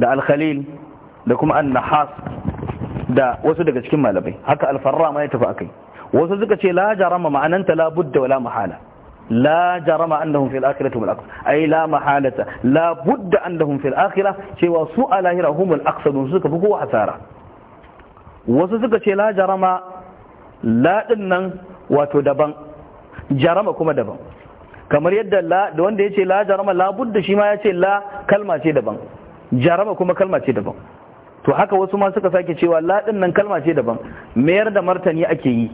da al alkhalil da kuma an nahas da wasu daga cikin malamai haka alfarra ma ya tafi akai wasu suka ce la jarama ma'ananta la budda wala mahala la jarama annahum fil akhirati hum al-aqsa ay la mahalata la budda annahum fil akhirah cewa su a lahira hum al-aqsa dun suka buku hasara wasu suka ce la jarama la din nan wato daban jarama kuma daban kamar yadda la da wanda ce la jarama la budda shi ma yace la kalma ce daban jarama kuma kalma ce daban to haka wasu ma suka sake cewa la din nan kalma ce daban mayar da martani ake yi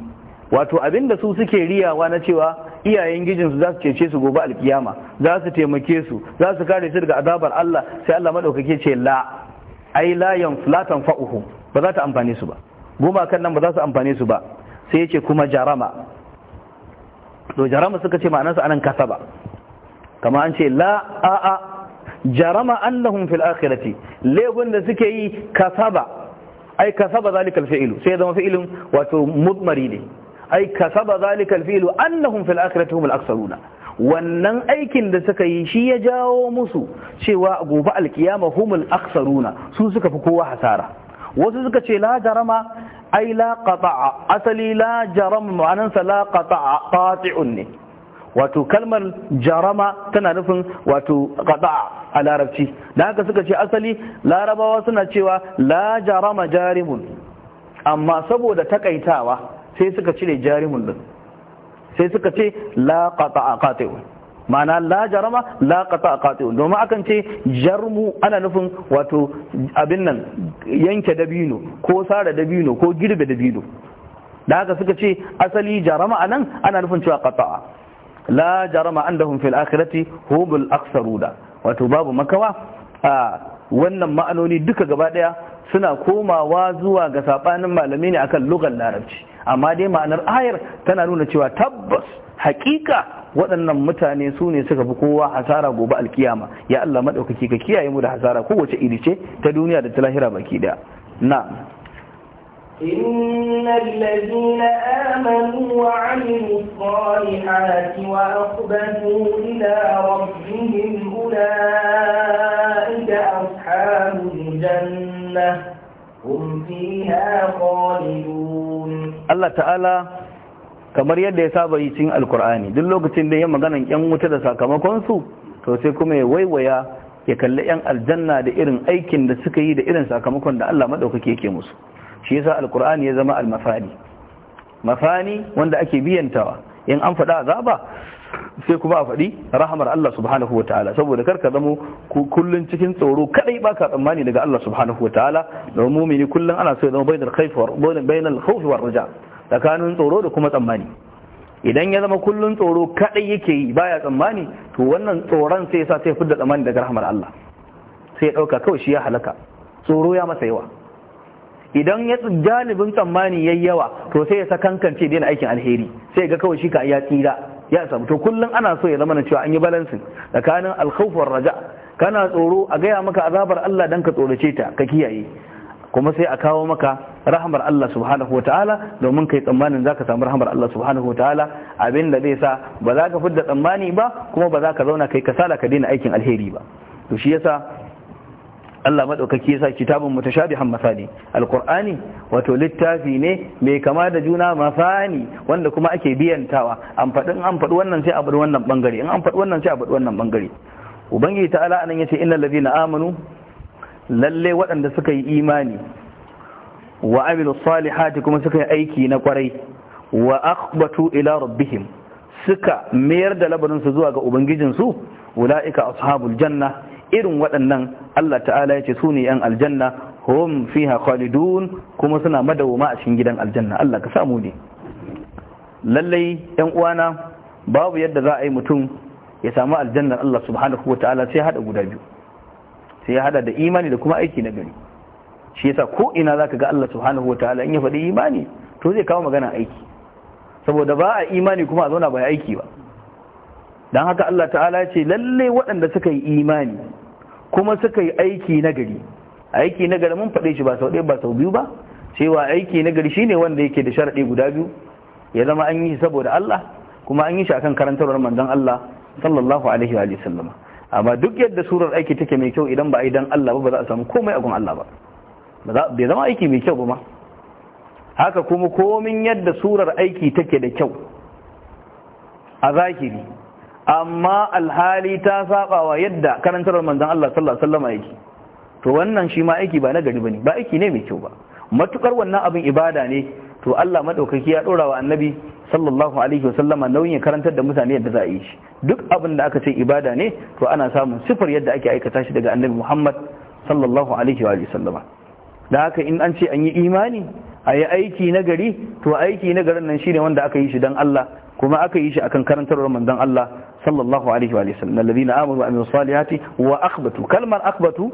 wato abinda su suke riyawa na cewa iyayen gijinsu za su cece su gobe alkiyama za su taimake su za su kare su daga azabar Allah sai Allah madaukake ce la ai la yanflatan fa'uhu ba za ta amfane su ba goma kan nan ba za su amfane su ba sai yace kuma jarama to jarama suka ce ma'anarsa anan kasaba kama an ce la a'a jarama annahum fil akhirati lebun da suke yi kasaba ai kasaba zalika alfi'lu sai zama fi'ilin wato mudmari ne ai kasaba zalika alfi'lu annahum fil akhirati humul aksaruna wannan aikin da suka yi shi ya jawo musu cewa gobe alkiyama humul aksaruna su suka fi kowa hasara wasu suka ce la jarama ai la qata'a asali la jarama ma'anansa la qata'a qati'un ne wato kalmar jarama tana nufin wato qata'a a larabci da haka suka ce asali larabawa suna cewa la jarama jarimun amma saboda takaitawa sai suka cire jarimun din sai suka ce la qata'a qati'un ma'ana la jarama la qata qati'un domin akan ce jarmu ana nufin wato abin nan yanke dabino ko sare dabino ko girbe dabino da haka suka ce asali jarama anan ana nufin cewa qata'a la jarama andahum fil akhirati humul aksaruda wato babu makawa a wannan ma'anoni duka gaba daya suna komawa zuwa ga sabanin malami ne akan lugar larabci amma dai ma'anar ayar tana nuna cewa tabbas hakika waɗannan mutane su ne suka fi kowa hasara gobe alkiyama ya Allah maɗaukaki ka kiyaye mu da hasara kowace iri ce ta duniya da ta lahira baki daya na إن الذين آمنوا وعملوا الصالحات وأقبلوا إلى ربهم أولئك أصحاب الجنة هم فيها خالدون الله تعالى kamar yadda ya saba yi cin alkur'ani duk lokacin da ya maganan yan wuta da sakamakonsu to sai kuma ya waiwaya ya kalli yan aljanna da irin aikin da suka yi da irin sakamakon da Allah madaukake yake musu shi yasa alkur'ani ya zama almafani mafani wanda ake biyantawa in an faɗa azaba sai kuma a faɗi rahamar Allah subhanahu wa ta'ala saboda ka zamo kullun cikin tsoro kadai baka tsammani daga Allah subhanahu wa ta'ala domin mumini kullun ana so ya zama bainal khawf war bainal war raja tsakanin tsoro da kuma tsammani idan ya zama kullun tsoro kadai yake yi baya tsammani to wannan tsoron sai yasa sai fidda tsammani daga rahmar Allah sai ya dauka kawai shi ya halaka tsoro ya masa yawa idan ya janibin tsammani yayi yawa to sai ya sa ce daina aikin alheri sai ga kawai shi ka ya tsira ya samu to kullun ana so ya zama na cewa an yi balancing tsakanin alkhawf raja kana tsoro a gaya maka azabar Allah dan ka tsorace ta ka kiyaye kuma sai a kawo maka rahamar Allah subhanahu wa ta'ala domin kai tsammanin zaka samu rahamar Allah subhanahu wa ta'ala abin da zai sa ba za ka fudda tsammani ba kuma ba za ka zauna kai kasala ka daina aikin alheri ba to shi yasa Allah madaukaki ya sa kitabun mutashabihan masani alqur'ani wato littafi ne mai kama da juna masani wanda kuma ake biyantawa an faɗi an faɗi wannan sai a bar wannan bangare in an faɗi wannan sai a bar wannan bangare ubangiji ta'ala anan yace innal ladina amanu lalle waɗanda suka yi imani wa amilu salihati kuma suka yi aiki na kwarai wa akhbatu ila rabbihim suka mayar da labarin su zuwa ga su ula'ika ashabul janna irin waɗannan Allah ta'ala yace ce su ne yan aljanna hum fiha khalidun kuma suna madawuma a cikin gidan aljanna Allah ka samu ne lallai yan uwana babu yadda za a yi mutum ya samu aljannar Allah subhanahu wa ta'ala sai hada guda biyu sai ya hada da imani da kuma aiki na gari shi yasa ko ina zaka ga Allah subhanahu wataala in ya faɗi imani to zai kawo magana aiki saboda ba a imani kuma a zauna ba aiki ba dan haka Allah ta'ala ya ce lalle waɗanda suka yi imani kuma suka yi aiki nagari aiki nagari mun faɗe shi ba sau ɗaya ba sau biyu ba cewa aiki nagari shine wanda yake da sharaɗi guda biyu ya zama an yi saboda Allah kuma an yi shi akan karantarwar manzon Allah sallallahu alaihi wa sallama amma duk yadda surar aiki take mai kyau idan ba a yi dan Allah ba ba za a samu komai a gun Allah ba bai zama aiki mai kyau ba ma haka kuma komin yadda surar aiki take da kyau a zahiri amma alhali ta sabawa yadda karantar manzon Allah sallallahu alaihi wasallam yake to wannan shi ma aiki ba na gari bane ba aiki ne mai kyau ba matukar wannan abin ibada ne to Allah madaukaki ya dora wa annabi sallallahu alaihi wasallam nauyin ya karantar da mutane yadda za a yi shi duk abin da aka ce ibada ne to ana samun sifar yadda ake aikata shi daga annabi Muhammad sallallahu alaihi wa sallama da haka in an ce an yi imani a yi aiki na gari to aiki na garin nan ne wanda aka yi shi don Allah kuma aka yi shi akan karantarwar manzon Allah sallallahu alaihi wa sallam Na alladhina amanu wa amilus salihati wa akhbatu kalmar akhbatu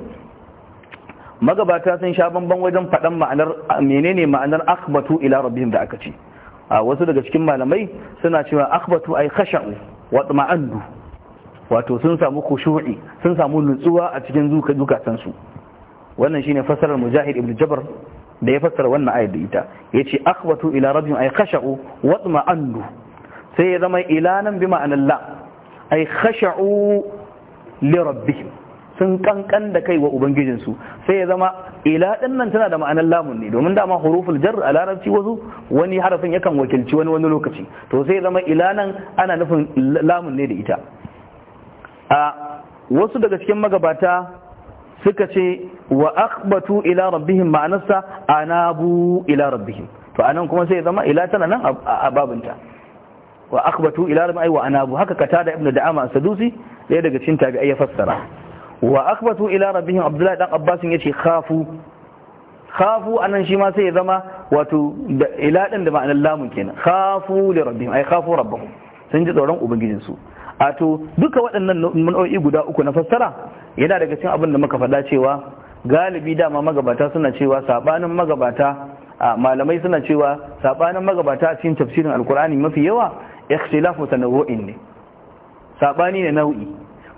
magabata sun sha bamban wajen faɗan ma'anar menene ma'anar akhbatu ila rabbihim da aka ce a wasu daga cikin malamai suna cewa akhbatu ay khasha'u wa tama'andu wato sun samu khushu'i sun samu nutsuwa a cikin zukatansu wannan shine fasarar mujahid ibnu jabr da ya fassara wannan ayat da ita yace akhwatu ila rabbihim ay khashu wa tma'annu sai ya zama ilanan bi ma'anan la ay khashu li rabbihim sun kankan da kai wa su sai ya zama ila din nan tana da ma'anar lamun ne domin dama huruful jar a larabci wazu wani harafin yakan wakilci wani wani lokaci to sai ya zama ila ana nufin lamun ne da ita a wasu daga cikin magabata suka ce wa akhbatu ila rabbihim ma'anarsa anabu ila rabbihim to anan kuma sai zama ila tana nan a babinta wa akhbatu ila rabbihim ay wa anabu haka katada ibnu da'ama sadusi daya daga cikin tabi'ai ya fassara wa akhbatu ila rabbihim abdullahi dan abbas yace khafu khafu anan shi ma sai zama wato ila din da ma'anar lamun kenan khafu li rabbihim ay khafu rabbahum sun ji tsoron ubangijinsu ato duka waɗannan nau'i guda uku na fassara yana daga cikin abin da muka faɗa cewa galibi dama magabata suna cewa sabanin magabata malamai suna cewa sabanin magabata a cikin tafsirin alkur'ani mafi yawa ikhtilaf mutanawwi'in ne sabani ne nau'i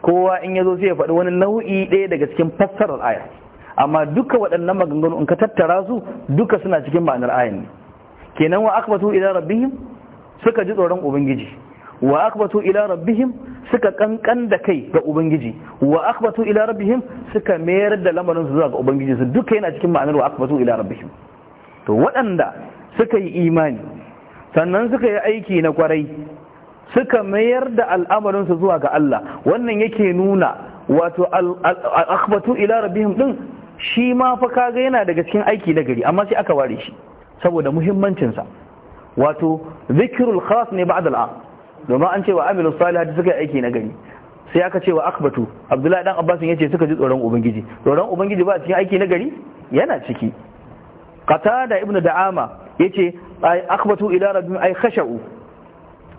kowa in yazo sai ya faɗi wani nau'i ɗaya daga cikin fassarar aya amma duka waɗannan maganganu in ka tattara su duka suna cikin ma'anar ayan ne kenan wa akbatu ila rabbihim suka ji tsoron ubangiji wa akbatu ila rabbihim suka kankan da kai ga ubangiji wa akbatu ila rabbihim suka mayar da lamarin su zuwa ga ubangiji su duka yana cikin ma'anar wa akbatu ila rabbihim to waɗanda suka yi imani sannan suka yi aiki na kwarai suka mayar da al'amarin su zuwa ga Allah wannan yake nuna wato akbatu ila rabbihim din shi ma fa kaga yana daga cikin aiki na gari amma sai aka ware shi saboda muhimmancin sa wato zikrul khas ne ba'da al'am domin an ce wa amilu salihati suka yi aiki na gari sai aka ce wa akbatu abdullahi dan abbas ya ce suka ji tsoron ubangiji tsoron ubangiji ba cikin aiki na gari yana ciki qatada ibnu da'ama yace ay akbatu ila rabbihim ay khasha'u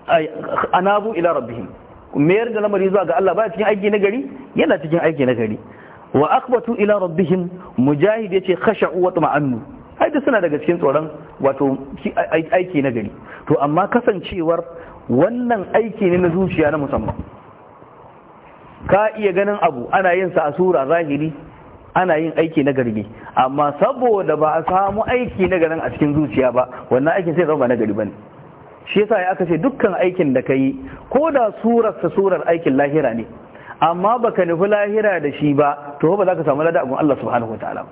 ay anabu ila rabbihim mayar da lamari zuwa ga Allah ba cikin aiki na gari yana cikin aiki na gari wa akbatu ila rabbihim mujahid yace khasha'u wa tuma'annu ai suna daga cikin tsoron wato aiki na gari to amma kasancewar wannan aiki ne na zuciya na musamman ka iya ganin abu ana yin sa a sura zahiri ana yin aiki na garbi amma saboda ba a samu aiki na garin a cikin zuciya ba wannan aikin sai zama na gari shi yasa ya aka ce dukkan aikin da ka yi ko da surar sa surar aikin lahira ne amma baka nufi lahira da shi ba to ba za ka samu ladabin Allah subhanahu wataala ba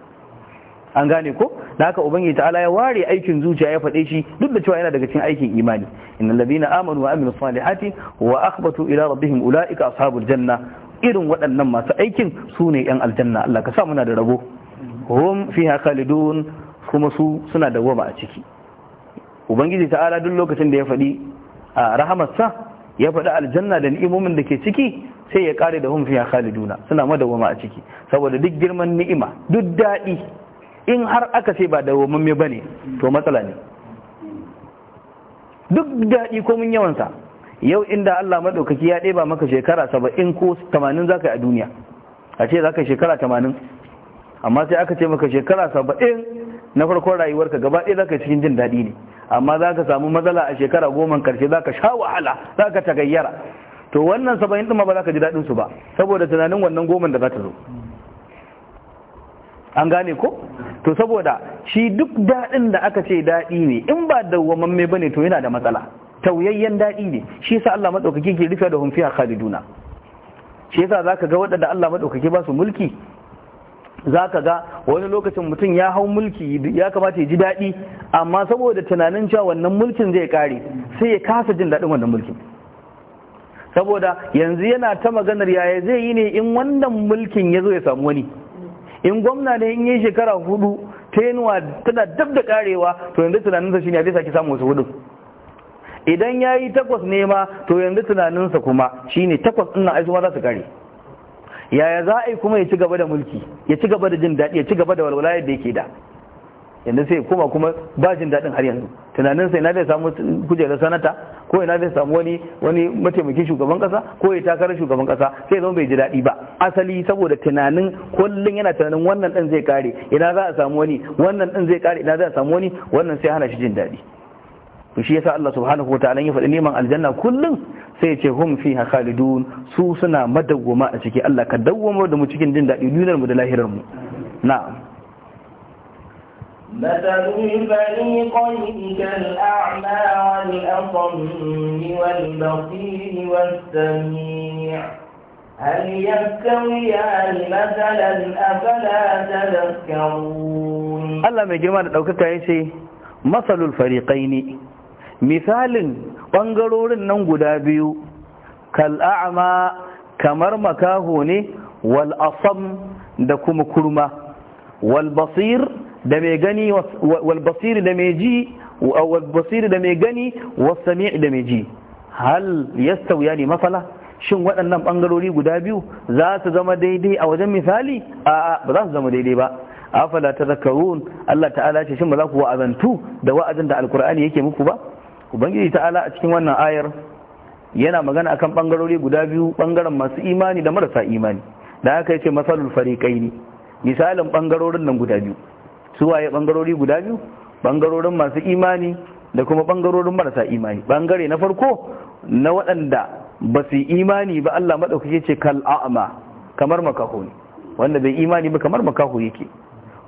an gane ko da haka ubangiji ta'ala ya ware aikin zuciya ya faɗe shi duk da cewa yana daga cikin aikin imani innal ladina amanu wa amilus salihati wa akhbatu ila rabbihim ulaika ashabul janna irin waɗannan masu aikin su ne yan aljanna Allah ka sa muna da rabo hum fiha khalidun kuma su suna dawwama a ciki ubangiji ta'ala duk lokacin da ya faɗi a rahamarsa ya faɗi aljanna da ni'imomin da ke ciki sai ya kare da hum fiha khaliduna suna madawwama a ciki saboda duk girman ni'ima duk daɗi in har aka ce ba wamin ba ne to matsala ne duk daɗi ko mun yawansa yau inda Allah maɗaukaki ya ɗeba maka shekara saba'in ko tamanin za ka yi a duniya a ce za ka shekara tamanin amma sai aka ce maka shekara saba'in na farkon rayuwarka gaba ɗaya za ka cikin jin daɗi ne amma za ka samu matsala a shekara goma karshe za ka sha wahala za ka tagayyara to wannan saba'in ɗin ma ba za ka ji daɗinsu ba saboda tunanin wannan goma da za ta zo an gane ko to saboda shi duk daɗin da aka ce daɗi ne in ba dawwamamme bane to yana da matsala tauyayyen daɗi ne shi sa Allah maɗaukaki ke rufe da hunfiya fiha khaliduna shi yasa ka ga waɗanda Allah maɗaukaki ba su mulki Za ka ga wani lokacin mutum ya hau mulki ya kamata ya ji daɗi amma saboda tunanin cewa wannan mulkin zai kare sai ya kasa jin daɗin wannan mulkin saboda yanzu yana ta maganar yaya zai yi ne in wannan mulkin ya zo ya samu wani in gwamna ne in yi shekara hudu nuwa tana dab da karewa to yanzu tunaninsa shi ne zai sake samun wasu hudun idan ya yi takwas nema to yanzu tunaninsa kuma shi ne takwas ina nan ma za su kare yaya za a yi kuma ya ci gaba da mulki ya ci gaba da jin daɗi ya ci gaba da walwala yadda yake da yanzu sai kuma kuma ba jin daɗin har yanzu tunanin sai na zai samu kujerar sanata ko ina zai samu wani wani mataimakin shugaban kasa ko ya takarar shugaban kasa sai zama bai ji daɗi ba asali saboda tunanin kullun yana tunanin wannan ɗin zai kare ina za a samu wani wannan ɗin zai kare ina za a samu wani wannan sai hana shi jin daɗi to shi yasa Allah subhanahu wataala ya faɗi neman aljanna kullun sai ya ce hum fiha khalidun su suna madawwama a ciki Allah ka dawwama da mu cikin jin daɗi duniyar mu da lahirar mu na'am مثل الفريقين كالأعمى والأصم والبصير والسميع هل يستويان مثلا أفلا تذكرون الله ما يجرمان لو كتعيسي مثل الفريقين misalin ɓangarorin nan guda biyu kal'a'ama kamar makaho ne wal asam da kuma kurma wal basir da mai gani wal da mai ji da mai gani was sami' da mai ji hal yastawiya ne masala shin waɗannan ɓangarori guda biyu za su zama daidai a wajen misali a ba za su zama daidai ba afala tazakkarun Allah ta'ala ce shin ba za ku wa'azantu da wa'azin da alkur'ani yake muku ba ubangiji ta'ala a cikin wannan ayar yana magana akan ɓangarori guda biyu bangaren masu imani da marasa imani da haka yace masalul fariqaini misalin bangarorin nan guda biyu su waye bangarori guda biyu bangarorin masu imani da kuma bangarorin marasa imani bangare na farko na waɗanda ba su imani ba Allah maɗaukaki ce kal a'ma kamar makaho ne wanda bai imani ba kamar makaho yake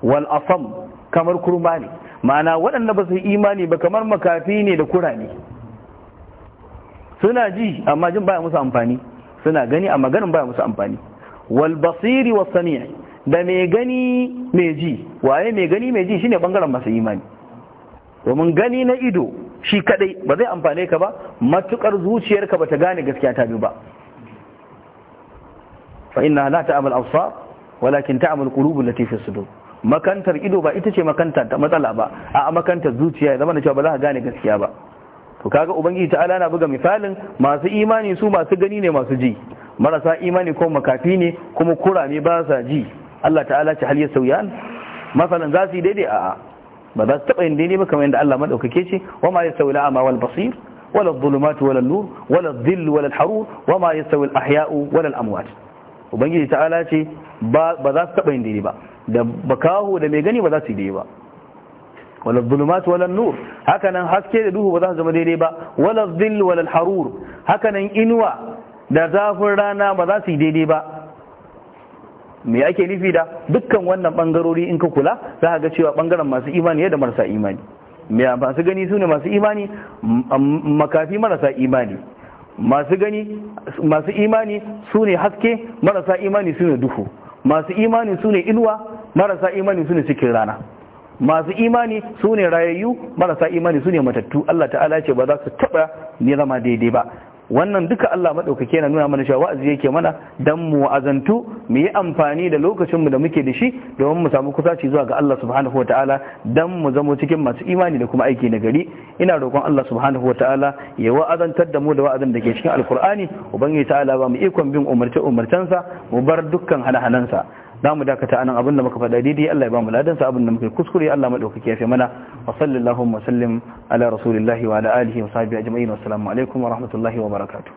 wal afam kamar kurma ne ma'ana waɗanda ba su imani ba kamar makafi ne da kura ne suna ji amma jin baya musu amfani suna gani amma ganin baya musu amfani wal basiri was sami'i da mai gani mai ji waye mai gani mai ji shine bangaren masu imani domin gani na ido shi kadai ba zai amfane ka ba matukar zuciyarka ba ta gane gaskiya ta bi ba fa inna la ta'mal absar walakin ta'mal qulub allati fi sudur makantar ido ba ita ce makantar ta matsala ba a makantar zuciya ya zama na cewa ba za ka gane gaskiya ba to kaga ubangiji ta'ala na buga misalin masu imani su masu gani ne masu ji marasa imani ko makafi ne kuma kurame ba sa ji Allah ta'ala ce hal yasawiyan masalan za su yi daidai a'a ba za su taɓa yin daidai ba kamar yadda Allah madaukake ce wa ma yasawi al'ama wal basir wala adh-dhulumatu wala nur wala adh-dhillu wala al-harur wa ma yasawi al-ahya'u wala al-amwat ubangiji ta'ala ce ba za su taɓa yin daidai ba da bakahu da mai gani ba za su yi daidai ba wala dhulumat wala nur hakanan haske da duhu ba za su zama daidai ba wala dhill wala harur hakanan inuwa da zafin rana ba za su yi daidai ba me ake nufi da dukkan wannan bangarori in ka kula za ga cewa bangaren masu imani ya da marasa imani masu gani su ne masu imani makafi marasa imani masu gani masu imani su ne haske marasa imani su ne duhu masu imani su ne inuwa marasa imani su ne cikin rana masu imani su ne rayayyu marasa imani su ne matattu Allah ta'ala ce ba za su taɓa ni zama daidai ba wannan duka Allah maɗaukake yana nuna mana cewa wa'azi yake mana dan mu azantu mu yi amfani da lokacinmu da muke da shi domin mu samu kusaci zuwa ga Allah subhanahu wataala dan mu zamo cikin masu imani da kuma aiki na gari ina roƙon Allah subhanahu wataala ya wa'azantar da mu da wa'azin da ke cikin alkur'ani ubangiji ta'ala ba mu ikon bin umarce umarcensa mu bar dukkan hana-hanansa za mu dakata anan abinda muka faɗa daidai Allah ya ba mu ladan sa abinda muka kuskure Allah madaukaki ya fi mana wa sallallahu wa sallim ala rasulillahi wa ala alihi wa sahbihi ajma'in wa assalamu alaikum wa rahmatullahi wa barakatuh